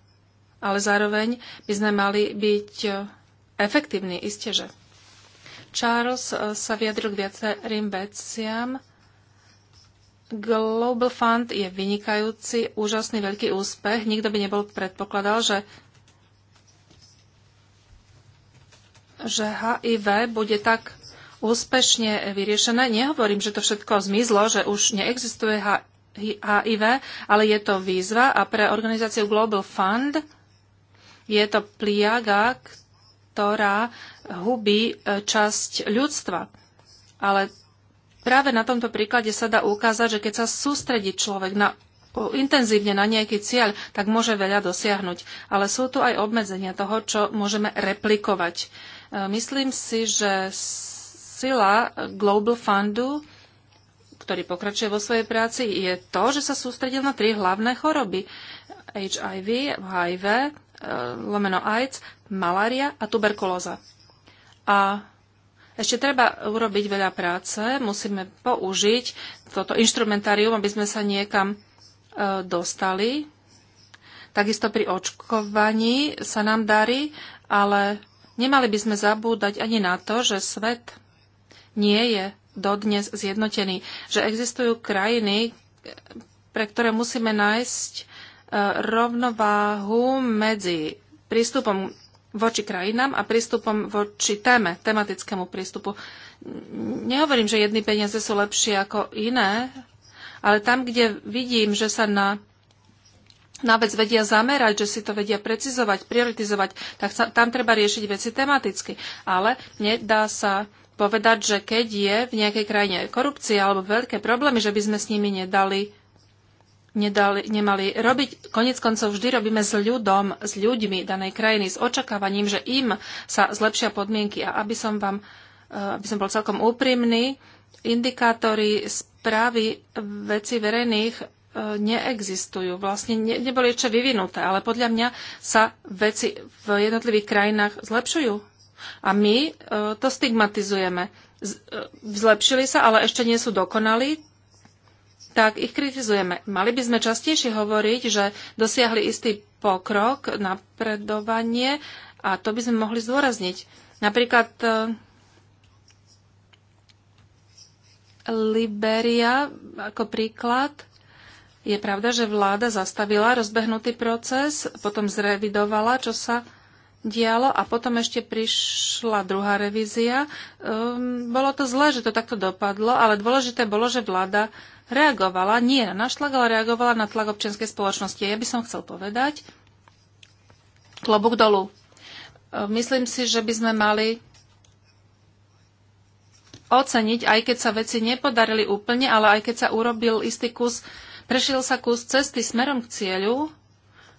A: Ale zároveň by sme mali byť e, efektívni, isteže. Charles e, sa vyjadril k viacerým veciam. Global Fund je vynikajúci, úžasný, veľký úspech. Nikto by nebol predpokladal, že že HIV bude tak úspešne vyriešené. Nehovorím, že to všetko zmizlo, že už neexistuje HIV, ale je to výzva a pre organizáciu Global Fund je to pliaga, ktorá hubí e, časť ľudstva. Ale práve na tomto príklade sa dá ukázať, že keď sa sústredí človek na intenzívne na nejaký cieľ, tak môže veľa dosiahnuť. Ale sú tu aj obmedzenia toho, čo môžeme replikovať. E, myslím si, že sila Global Fundu, ktorý pokračuje vo svojej práci, je to, že sa sústredil na tri hlavné choroby. HIV, HIV, e, lomeno AIDS, malária a tuberkulóza. A ešte treba urobiť veľa práce, musíme použiť toto instrumentárium, aby sme sa niekam e, dostali. Takisto pri očkovaní sa nám darí, ale Nemali by sme zabúdať ani na to, že svet nie je dodnes zjednotený, že existujú krajiny, pre ktoré musíme nájsť e, rovnováhu medzi prístupom voči krajinám a prístupom voči téme, tematickému prístupu. Nehovorím, že jedny peniaze sú lepšie ako iné, ale tam, kde vidím, že sa na na vec vedia zamerať, že si to vedia precizovať, prioritizovať, tak sa, tam treba riešiť veci tematicky. Ale nedá sa povedať, že keď je v nejakej krajine korupcia alebo veľké problémy, že by sme s nimi nedali, nedali nemali robiť. Konec koncov vždy robíme s ľudom, s ľuďmi danej krajiny, s očakávaním, že im sa zlepšia podmienky. A aby som vám, eh, aby som bol celkom úprimný, indikátory správy veci verejných neexistujú. Vlastne ne, neboli ešte vyvinuté, ale podľa mňa sa veci v jednotlivých krajinách zlepšujú. A my e, to stigmatizujeme. E, zlepšili sa, ale ešte nie sú dokonalí, tak ich kritizujeme. Mali by sme častejšie hovoriť, že dosiahli istý pokrok, napredovanie a to by sme mohli zdôrazniť. Napríklad e, Liberia ako príklad je pravda, že vláda zastavila rozbehnutý proces, potom zrevidovala, čo sa dialo a potom ešte prišla druhá revízia. Um, bolo to zlé, že to takto dopadlo, ale dôležité bolo, že vláda reagovala, nie na náš tlak, ale reagovala na tlak občianskej spoločnosti. Ja by som chcel povedať, klobúk dolu. Ehm, myslím si, že by sme mali oceniť, aj keď sa veci nepodarili úplne, ale aj keď sa urobil istý kus Prešiel sa kus cesty smerom k cieľu,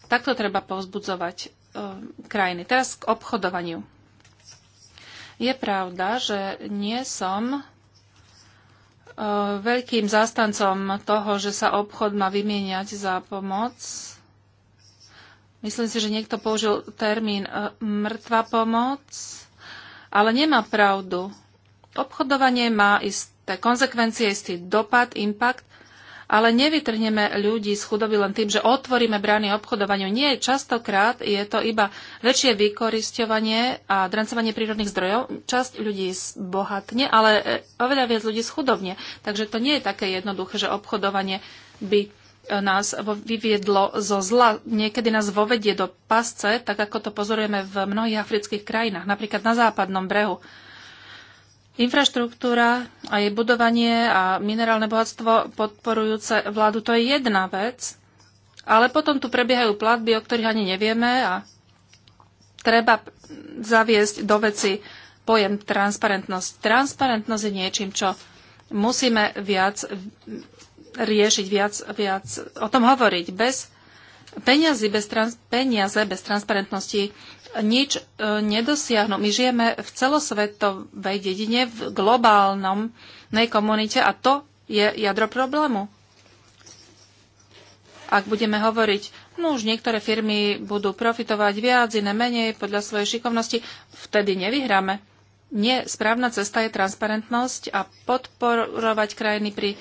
A: takto treba povzbudzovať e, krajiny. Teraz k obchodovaniu. Je pravda, že nie som e, veľkým zástancom toho, že sa obchod má vymieňať za pomoc. Myslím si, že niekto použil termín e, mŕtva pomoc, ale nemá pravdu. Obchodovanie má isté konsekvencie, istý dopad, impact ale nevytrhneme ľudí z chudoby len tým, že otvoríme brány obchodovaniu. Nie, častokrát je to iba väčšie vykoristovanie a drancovanie prírodných zdrojov. Časť ľudí bohatne, ale e, oveľa viac ľudí schudobne. Takže to nie je také jednoduché, že obchodovanie by e, nás vyviedlo zo zla, niekedy nás vovedie do pasce, tak ako to pozorujeme v mnohých afrických krajinách, napríklad na západnom brehu. Infraštruktúra a jej budovanie a minerálne bohatstvo podporujúce vládu, to je jedna vec, ale potom tu prebiehajú platby, o ktorých ani nevieme a treba zaviesť do veci pojem transparentnosť. Transparentnosť je niečím, čo musíme viac riešiť, viac, viac o tom hovoriť. Bez peniazy, bez trans, peniaze bez transparentnosti nič e, nedosiahnu. My žijeme v celosvetovej dedine, v globálnom komunite a to je jadro problému. Ak budeme hovoriť, no už niektoré firmy budú profitovať viac, iné menej podľa svojej šikovnosti, vtedy nevyhráme. Nie, správna cesta je transparentnosť a podporovať krajiny pri e,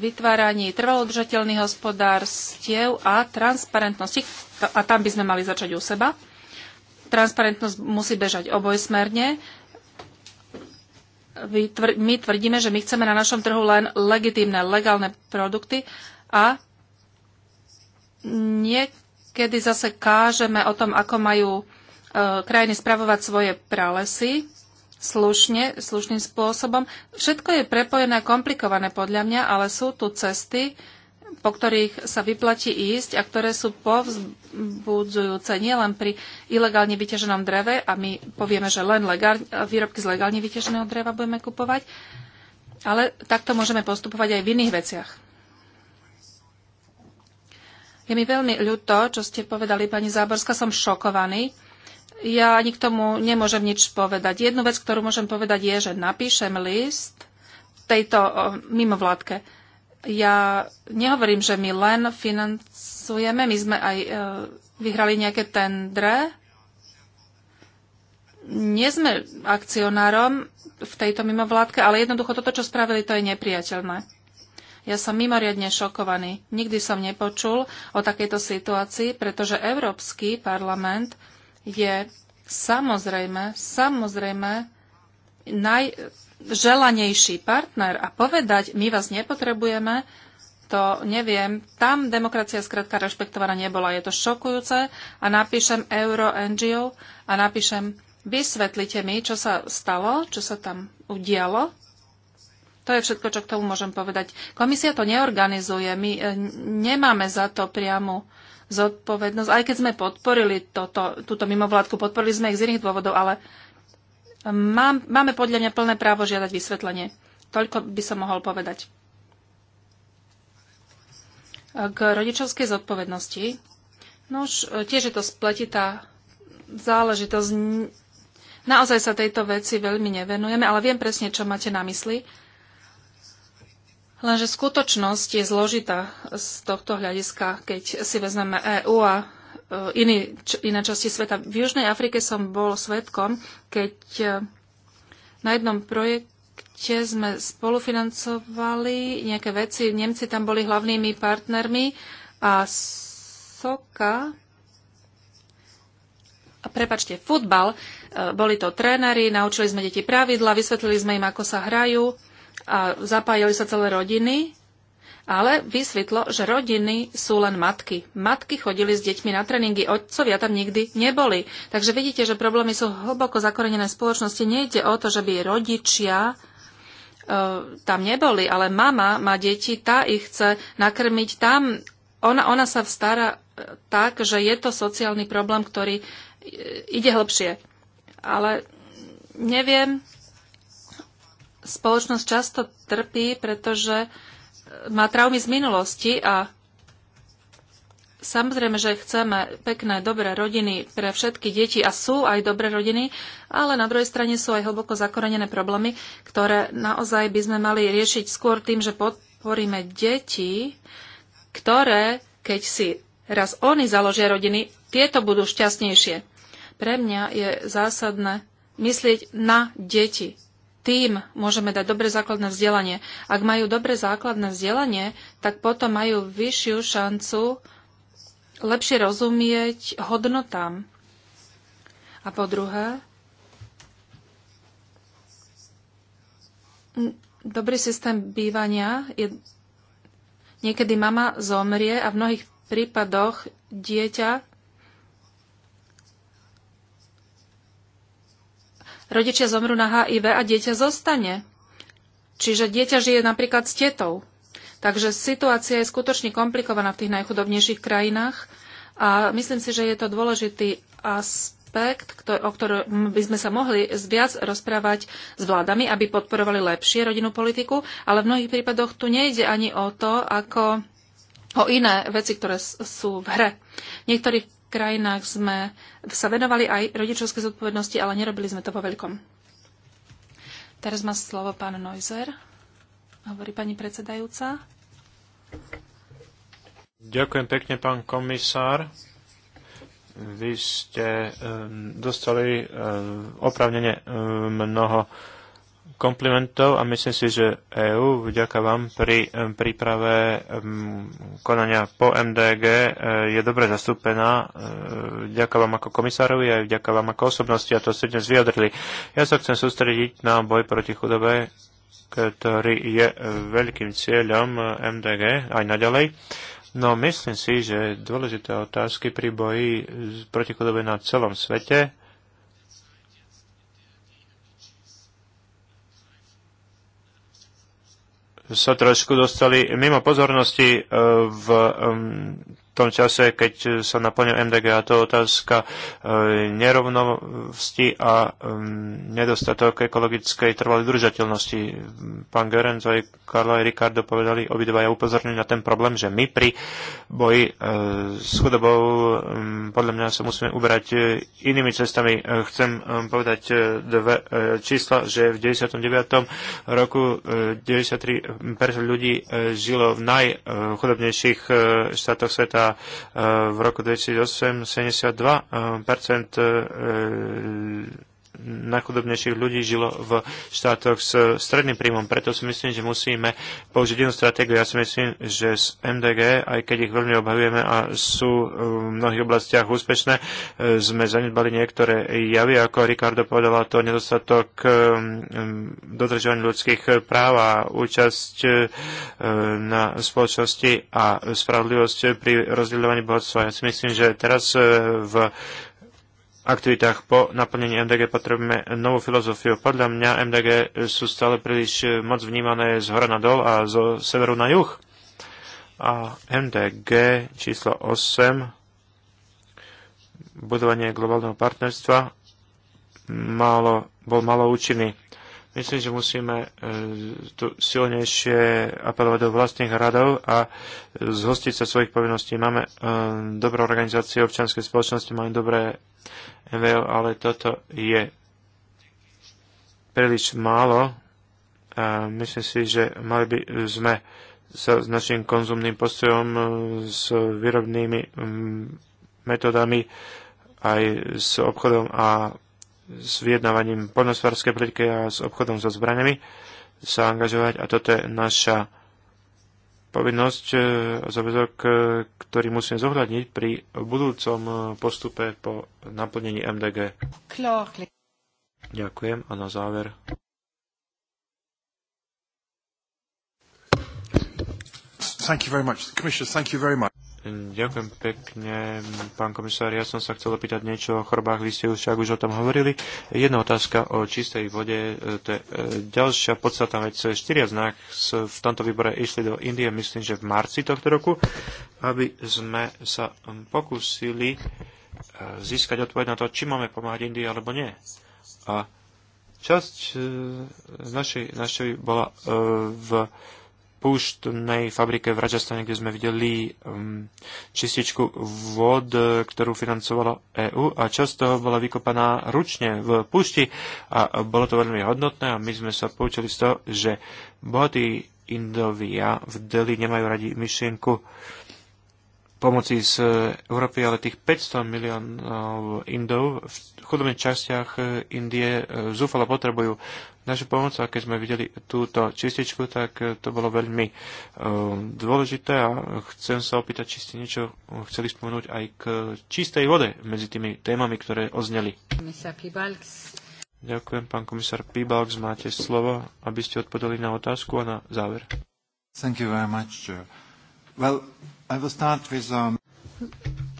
A: vytváraní trvalodržateľných hospodárstiev a transparentnosti. A tam by sme mali začať u seba transparentnosť musí bežať obojsmerne. My tvrdíme, že my chceme na našom trhu len legitímne, legálne produkty a niekedy zase kážeme o tom, ako majú e, krajiny spravovať svoje pralesy slušne, slušným spôsobom. Všetko je prepojené a komplikované podľa mňa, ale sú tu cesty, po ktorých sa vyplatí ísť a ktoré sú povzbudzujúce nielen pri ilegálne vyťaženom dreve a my povieme, že len legál, výrobky z legálne vyťaženého dreva budeme kupovať, ale takto môžeme postupovať aj v iných veciach. Je mi veľmi ľúto, čo ste povedali, pani Záborská, som šokovaný. Ja ani k tomu nemôžem nič povedať. Jednu vec, ktorú môžem povedať, je, že napíšem list tejto mimovládke ja nehovorím, že my len financujeme, my sme aj e, vyhrali nejaké tendre. Nie sme akcionárom v tejto mimovládke, ale jednoducho toto, čo spravili, to je nepriateľné. Ja som mimoriadne šokovaný. Nikdy som nepočul o takejto situácii, pretože Európsky parlament je samozrejme, samozrejme naj, želanejší partner a povedať, my vás nepotrebujeme, to neviem. Tam demokracia skrátka rešpektovaná nebola. Je to šokujúce a napíšem Euro NGO a napíšem vysvetlite mi, čo sa stalo, čo sa tam udialo. To je všetko, čo k tomu môžem povedať. Komisia to neorganizuje. My e, nemáme za to priamu zodpovednosť. Aj keď sme podporili toto, túto mimovládku, podporili sme ich z iných dôvodov, ale Mám, máme podľa mňa plné právo žiadať vysvetlenie. Toľko by som mohol povedať. K rodičovskej zodpovednosti. No už e, tiež je to spletitá záležitosť. Naozaj sa tejto veci veľmi nevenujeme, ale viem presne, čo máte na mysli. Lenže skutočnosť je zložitá z tohto hľadiska, keď si vezmeme EU a E, iný, iné časti sveta. V Južnej Afrike som bol svetkom, keď e, na jednom projekte sme spolufinancovali nejaké veci. Nemci tam boli hlavnými partnermi a Soka prepačte, futbal. E, boli to tréneri, naučili sme deti pravidla, vysvetlili sme im, ako sa hrajú a zapájali sa celé rodiny ale vysvetlo, že rodiny sú len matky. Matky chodili s deťmi na tréningy, otcovia tam nikdy neboli. Takže vidíte, že problémy sú hlboko zakorenené v spoločnosti. Nejde o to, že by rodičia e, tam neboli, ale mama má deti, tá ich chce nakrmiť tam. Ona, ona sa stará e, tak, že je to sociálny problém, ktorý e, ide hlbšie. Ale neviem, spoločnosť často trpí, pretože má traumy z minulosti a samozrejme, že chceme pekné, dobré rodiny pre všetky deti a sú aj dobré rodiny, ale na druhej strane sú aj hlboko zakorenené problémy, ktoré naozaj by sme mali riešiť skôr tým, že podporíme deti, ktoré, keď si raz oni založia rodiny, tieto budú šťastnejšie. Pre mňa je zásadné myslieť na deti tým môžeme dať dobre základné vzdelanie. Ak majú dobre základné vzdelanie, tak potom majú vyššiu šancu lepšie rozumieť hodnotám. A po druhé, dobrý systém bývania je... Niekedy mama zomrie a v mnohých prípadoch dieťa rodičia zomrú na HIV a dieťa zostane. Čiže dieťa žije napríklad s tetou. Takže situácia je skutočne komplikovaná v tých najchudobnejších krajinách a myslím si, že je to dôležitý aspekt, o ktorom by sme sa mohli viac rozprávať s vládami, aby podporovali lepšie rodinnú politiku, ale v mnohých prípadoch tu nejde ani o to, ako o iné veci, ktoré sú v hre. V niektorých krajinách sme sa venovali aj rodičovskej zodpovednosti, ale nerobili sme to vo veľkom. Teraz má slovo pán Neuser, hovorí pani predsedajúca.
C: Ďakujem pekne, pán komisár. Vy ste um, dostali um, ehm, opravnenie um, ehm, mnoho komplimentov a myslím si, že EÚ vďaka vám pri príprave konania po MDG e, je dobre zastúpená. E, vďaka vám ako komisárovi aj vďaka vám ako osobnosti a to ste dnes vyjadrili. Ja sa chcem sústrediť na boj proti chudobe, ktorý je e, veľkým cieľom MDG aj naďalej. No myslím si, že dôležité otázky pri boji proti chudobe na celom svete sa trošku dostali mimo pozornosti e, v tom čase, keď e, sa naplňuje MDG a to otázka e, nerovnosti a nedostatok ekologickej trvalej držateľnosti. Pán Gerenc aj Karlo aj Ricardo povedali, obidvaja upozornili na ten problém, že my pri boji e, s chudobou podľa mňa sa musíme uberať inými cestami. Chcem povedať dve čísla, že v 99. roku 93% ľudí žilo v najchudobnejších štátoch sveta v roku 2008 72% najchudobnejších ľudí žilo v štátoch s stredným príjmom. Preto si myslím, že musíme použiť jednu stratégiu. Ja si myslím, že z MDG, aj keď ich veľmi obhavujeme a sú e, v mnohých oblastiach úspešné, e, sme zanedbali niektoré javy, ako Ricardo povedala, to nedostatok e, dodržovania ľudských práv a účasť na spoločnosti a spravodlivosť pri rozdeľovaní bohatstva. Ja si myslím, že teraz v aktivitách po naplnení MDG potrebujeme novú filozofiu. Podľa mňa MDG sú stále príliš eh, moc vnímané z hora na dol a zo severu na juh. A MDG číslo 8 budovanie globálneho partnerstva malo, bol malo účinný. Myslím, že musíme eh, tu silnejšie apelovať do vlastných radov a zhostiť sa svojich povinností. Máme eh, dobrú organizáciu občianskej spoločnosti, máme dobré MVO, ale toto je príliš málo. A myslím si, že mali by sme sa s našim konzumným postojom, e, s výrobnými metodami, aj s obchodom a s vyjednávaním podnosvárskej politiky a s obchodom so zbraniami sa angažovať. A toto je naša povinnosť e, a záväzok, e, ktorý musíme zohľadniť pri budúcom e, postupe po naplnení MDG. Ďakujem a na záver. Thank you very much. Commissioner, thank you very much. Ďakujem pekne, pán komisár. Ja som sa chcel opýtať niečo o chorobách. Vy ste už však už o tom hovorili. Jedna otázka o čistej vode. To je e, ďalšia podstatná vec. Štyria z nás v tomto výbore išli do Indie, myslím, že v marci tohto roku, aby sme sa pokúsili e, získať odpoveď na to, či máme pomáhať Indii alebo nie. A časť e, našej, našej bola v púštnej fabrike v Rajasthane, kde sme videli um, čističku vod, e, ktorú financovala EÚ a časť toho bola vykopaná ručne v púšti a bolo to veľmi hodnotné a my sme sa poučili z toho, že bohatí Indovia v Deli nemajú radi myšlienku pomoci z eh, Európy, ale tých 500 miliónov Indov v chudobných častiach eh, Indie eh, zúfalo potrebujú našu pomoc a keď sme videli túto čističku, tak to bolo veľmi dôležité a chcem sa opýtať, či ste niečo chceli spomenúť aj k čistej vode medzi tými témami, ktoré ozneli. Ďakujem, pán komisár Pibalx, máte slovo, aby ste odpovedali na otázku a na záver. Thank you very much, Joe. Well, I will start with, um...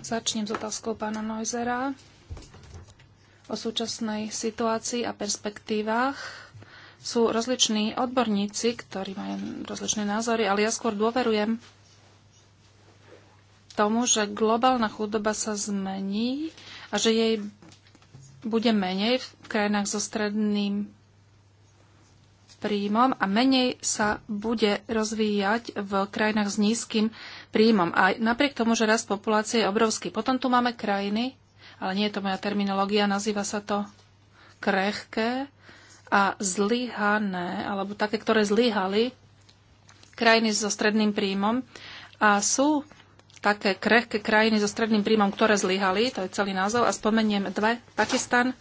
A: Začnem s otázkou pána Neusera o súčasnej situácii a perspektívach. Sú rozliční odborníci, ktorí majú rozličné názory, ale ja skôr dôverujem tomu, že globálna chudoba sa zmení a že jej bude menej v krajinách so stredným príjmom a menej sa bude rozvíjať v krajinách s nízkym príjmom. A napriek tomu, že rast populácie je obrovský. Potom tu máme krajiny, ale nie je to moja terminológia, nazýva sa to krehké a zlyhané, alebo také, ktoré zlyhali, krajiny so stredným príjmom. A sú také krehké krajiny so stredným príjmom, ktoré zlyhali, to je celý názov, a spomeniem dve, Pakistan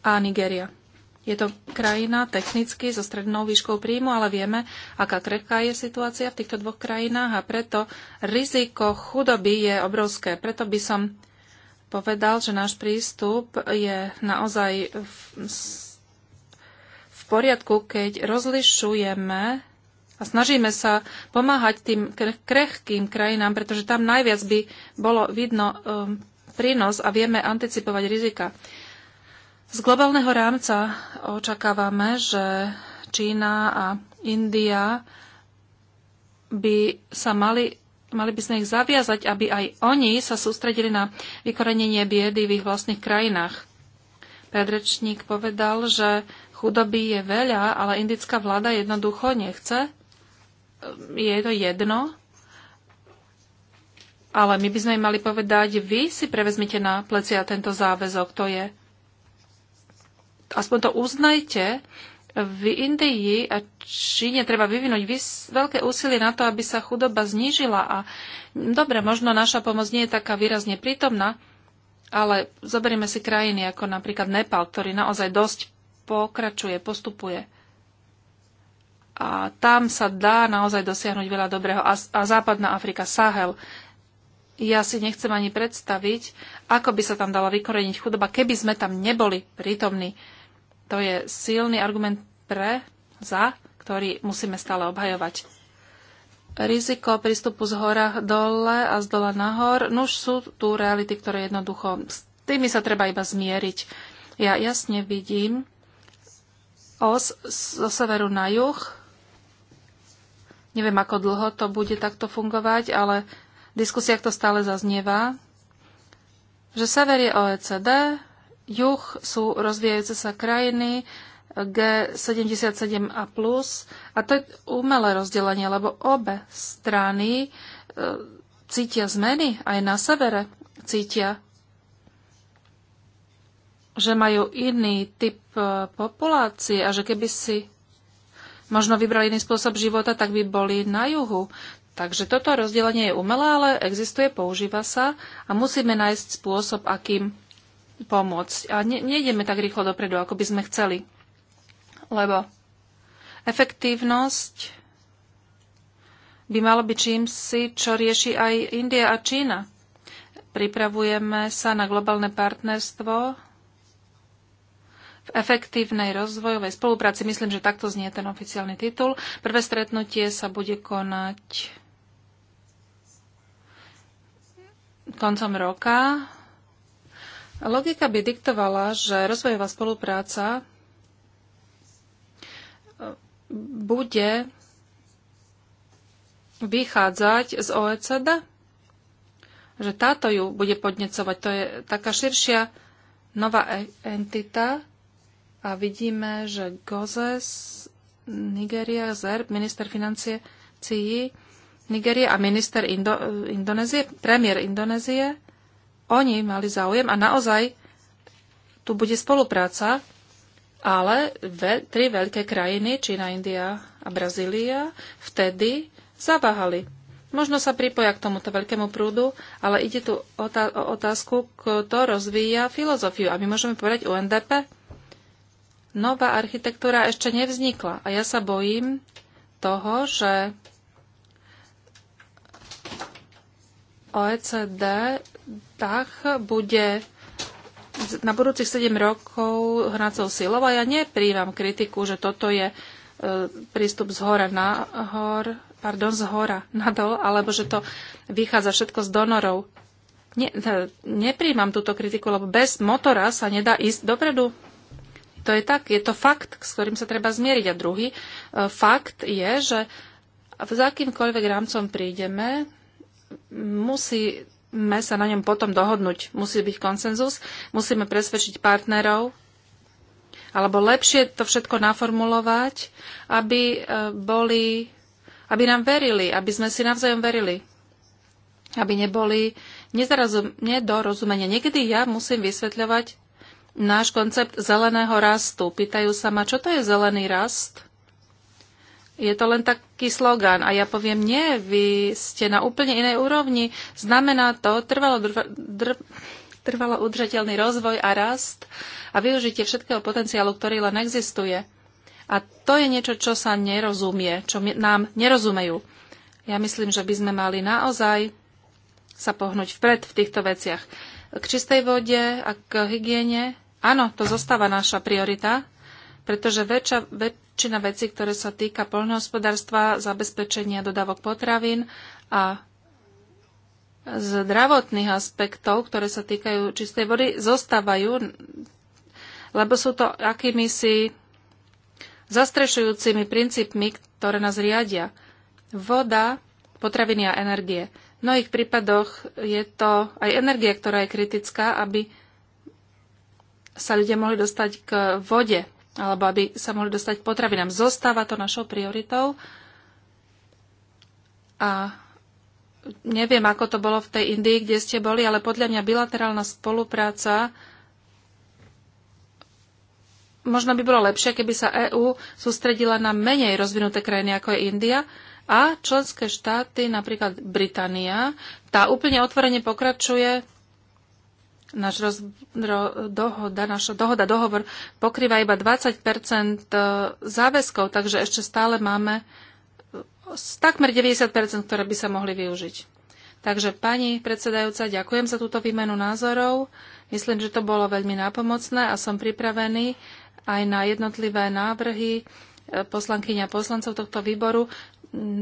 A: a Nigéria. Je to krajina technicky so strednou výškou príjmu, ale vieme, aká krehká je situácia v týchto dvoch krajinách a preto riziko chudoby je obrovské. Preto by som povedal, že náš prístup je naozaj v, v poriadku, keď rozlišujeme a snažíme sa pomáhať tým krehkým krajinám, pretože tam najviac by bolo vidno um, prínos a vieme anticipovať rizika. Z globálneho rámca očakávame, že Čína a India by sa mali, mali by sme ich zaviazať, aby aj oni sa sústredili na vykorenenie biedy v ich vlastných krajinách. Predrečník povedal, že chudoby je veľa, ale indická vláda jednoducho nechce. Je to jedno. Ale my by sme im mali povedať, vy si prevezmite na plecia tento záväzok, to je aspoň to uznajte, v Indii a Číne treba vyvinúť veľké úsilie na to, aby sa chudoba znížila. A dobre, možno naša pomoc nie je taká výrazne prítomná, ale zoberieme si krajiny ako napríklad Nepal, ktorý naozaj dosť pokračuje, postupuje. A tam sa dá naozaj dosiahnuť veľa dobrého. A, a západná Afrika, Sahel, ja si nechcem ani predstaviť, ako by sa tam dala vykoreniť chudoba, keby sme tam neboli prítomní. To je silný argument pre, za, ktorý musíme stále obhajovať. Riziko prístupu z hora dole a z dola nahor, už sú tu reality, ktoré jednoducho, s tými sa treba iba zmieriť. Ja jasne vidím os zo severu na juh. Neviem, ako dlho to bude takto fungovať, ale v diskusiách to stále zaznieva, že sever je OECD, juh sú rozvíjajúce sa krajiny G77 a plus. A to je umelé rozdelenie, lebo obe strany e, cítia zmeny aj na severe. Cítia, že majú iný typ e, populácie a že keby si možno vybrali iný spôsob života, tak by boli na juhu. Takže toto rozdelenie je umelé, ale existuje, používa sa a musíme nájsť spôsob, akým pomôcť. A ne, nejdeme tak rýchlo dopredu, ako by sme chceli. Lebo efektívnosť by malo byť čím si, čo rieši aj India a Čína. Pripravujeme sa na globálne partnerstvo v efektívnej rozvojovej spolupráci. Myslím, že takto znie ten oficiálny titul. Prvé stretnutie sa bude konať koncom roka Logika by diktovala, že rozvojová spolupráca e, bude vychádzať z OECD, že táto ju bude podnecovať. To je taká širšia nová e- entita a vidíme, že Gozes, Nigeria, Zerb, minister financie, CII, Nigeria a minister Indo- Indonézie, premiér Indonézie, oni mali záujem a naozaj tu bude spolupráca, ale ve, tri veľké krajiny, Čína, India a Brazília, vtedy zaváhali. Možno sa pripoja k tomuto veľkému prúdu, ale ide tu o otázku, kto rozvíja filozofiu. A my môžeme povedať UNDP. Nová architektúra ešte nevznikla a ja sa bojím toho, že OECD DACH bude na budúcich 7 rokov hnacou silou a ja nepríjmam kritiku, že toto je e, prístup z hora na hor, pardon, z hora dol, alebo že to vychádza všetko z donorov. Ne, e, nepríjmam túto kritiku, lebo bez motora sa nedá ísť dopredu. To je tak, je to fakt, s ktorým sa treba zmieriť. A druhý e, fakt je, že za akýmkoľvek rámcom prídeme, musíme sa na ňom potom dohodnúť. Musí byť konsenzus, musíme presvedčiť partnerov, alebo lepšie to všetko naformulovať, aby e, boli, aby nám verili, aby sme si navzájom verili. Aby neboli nedorozumenia. Niekedy ja musím vysvetľovať náš koncept zeleného rastu. Pýtajú sa ma, čo to je zelený rast? je to len taký slogan a ja poviem, nie, vy ste na úplne inej úrovni. Znamená to trvalo, dr, dr, trvalo udržateľný rozvoj a rast a využitie všetkého potenciálu, ktorý len existuje. A to je niečo, čo sa nerozumie, čo nám nerozumejú. Ja myslím, že by sme mali naozaj sa pohnúť vpred v týchto veciach. K čistej vode a k hygiene, áno, to zostáva naša priorita, pretože väčšina vecí, ktoré sa týka poľnohospodárstva, zabezpečenia dodávok potravín a zdravotných aspektov, ktoré sa týkajú čistej vody, zostávajú, lebo sú to akými si zastrešujúcimi princípmi, ktoré nás riadia. Voda, potraviny a energie. V mnohých prípadoch je to aj energia, ktorá je kritická, aby sa ľudia mohli dostať k vode alebo aby sa mohli dostať potravinám. Zostáva to našou prioritou a neviem, ako to bolo v tej Indii, kde ste boli, ale podľa mňa bilaterálna spolupráca možno by bolo lepšie, keby sa EÚ sústredila na menej rozvinuté krajiny, ako je India, a členské štáty, napríklad Británia, tá úplne otvorene pokračuje Naš roz, ro, dohoda, naša dohoda, dohovor pokrýva iba 20 e, záväzkov, takže ešte stále máme e, takmer 90 ktoré by sa mohli využiť. Takže pani predsedajúca, ďakujem za túto výmenu názorov. Myslím, že to bolo veľmi nápomocné a som pripravený aj na jednotlivé návrhy e, poslankyňa a poslancov tohto výboru.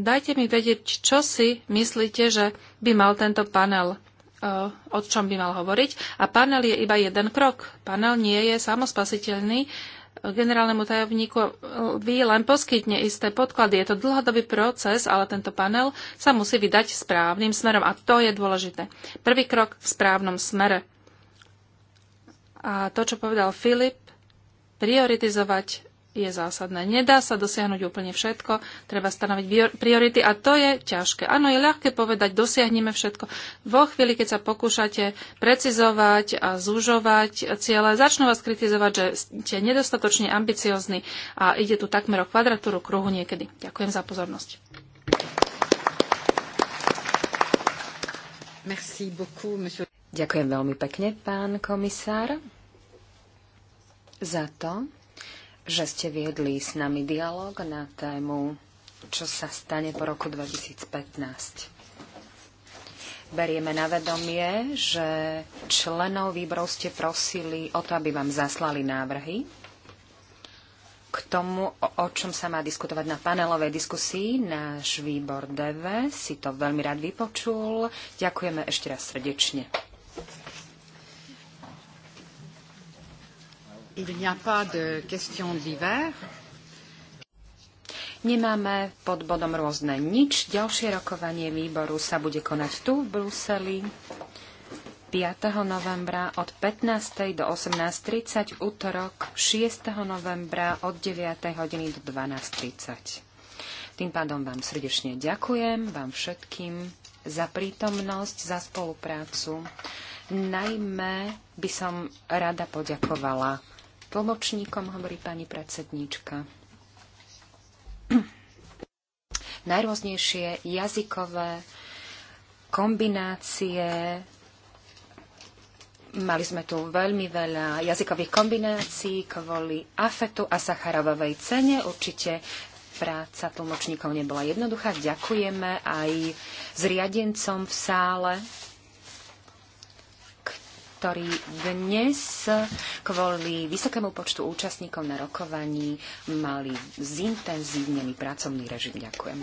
A: Dajte mi vedieť, čo si myslíte, že by mal tento panel Eh, o čom by mal hovoriť. A panel je iba jeden krok. Panel nie je samospasiteľný. Eh, generálnemu tajomníku vy len poskytne isté podklady. Je to dlhodobý proces, ale tento panel sa musí vydať správnym smerom a to je dôležité. Prvý krok v správnom smere. A to, čo povedal Filip, prioritizovať je zásadné. Nedá sa dosiahnuť úplne všetko, treba stanoviť priority a to je ťažké. Áno, je ľahké povedať, dosiahneme všetko. Vo chvíli, keď sa pokúšate precizovať a zúžovať ciele, začnú vás kritizovať, že ste nedostatočne ambiciozni a ide tu takmer o kvadratúru kruhu niekedy. Ďakujem za pozornosť.
B: Merci beaucoup, monsieur. Ďakujem veľmi pekne, pán komisár, za to, že ste viedli s nami dialog na tému, čo sa stane po roku 2015 berieme na vedomie, že členov výborov ste prosili o to, aby vám zaslali návrhy k tomu, o čom sa má diskutovať na panelovej diskusii. Náš výbor DV si to veľmi rád vypočul. Ďakujeme ešte raz srdečne. Il n'y a pas de questions Nemáme pod bodom rôzne nič. Ďalšie rokovanie výboru sa bude konať tu v Bruseli 5. novembra od 15. do 18.30, útorok 6. novembra od 9. hodiny do 12.30. Tým pádom vám srdečne ďakujem, vám všetkým za prítomnosť, za spoluprácu. Najmä by som rada poďakovala tlmočníkom, hovorí pani predsedníčka. Najrôznejšie jazykové kombinácie Mali sme tu veľmi veľa jazykových kombinácií kvôli afetu a sacharovovej cene. Určite práca tlmočníkov nebola jednoduchá. Ďakujeme aj zriadencom v sále ktorý dnes kvôli vysokému počtu účastníkov na rokovaní mali zintenzívnený pracovný režim. Ďakujem.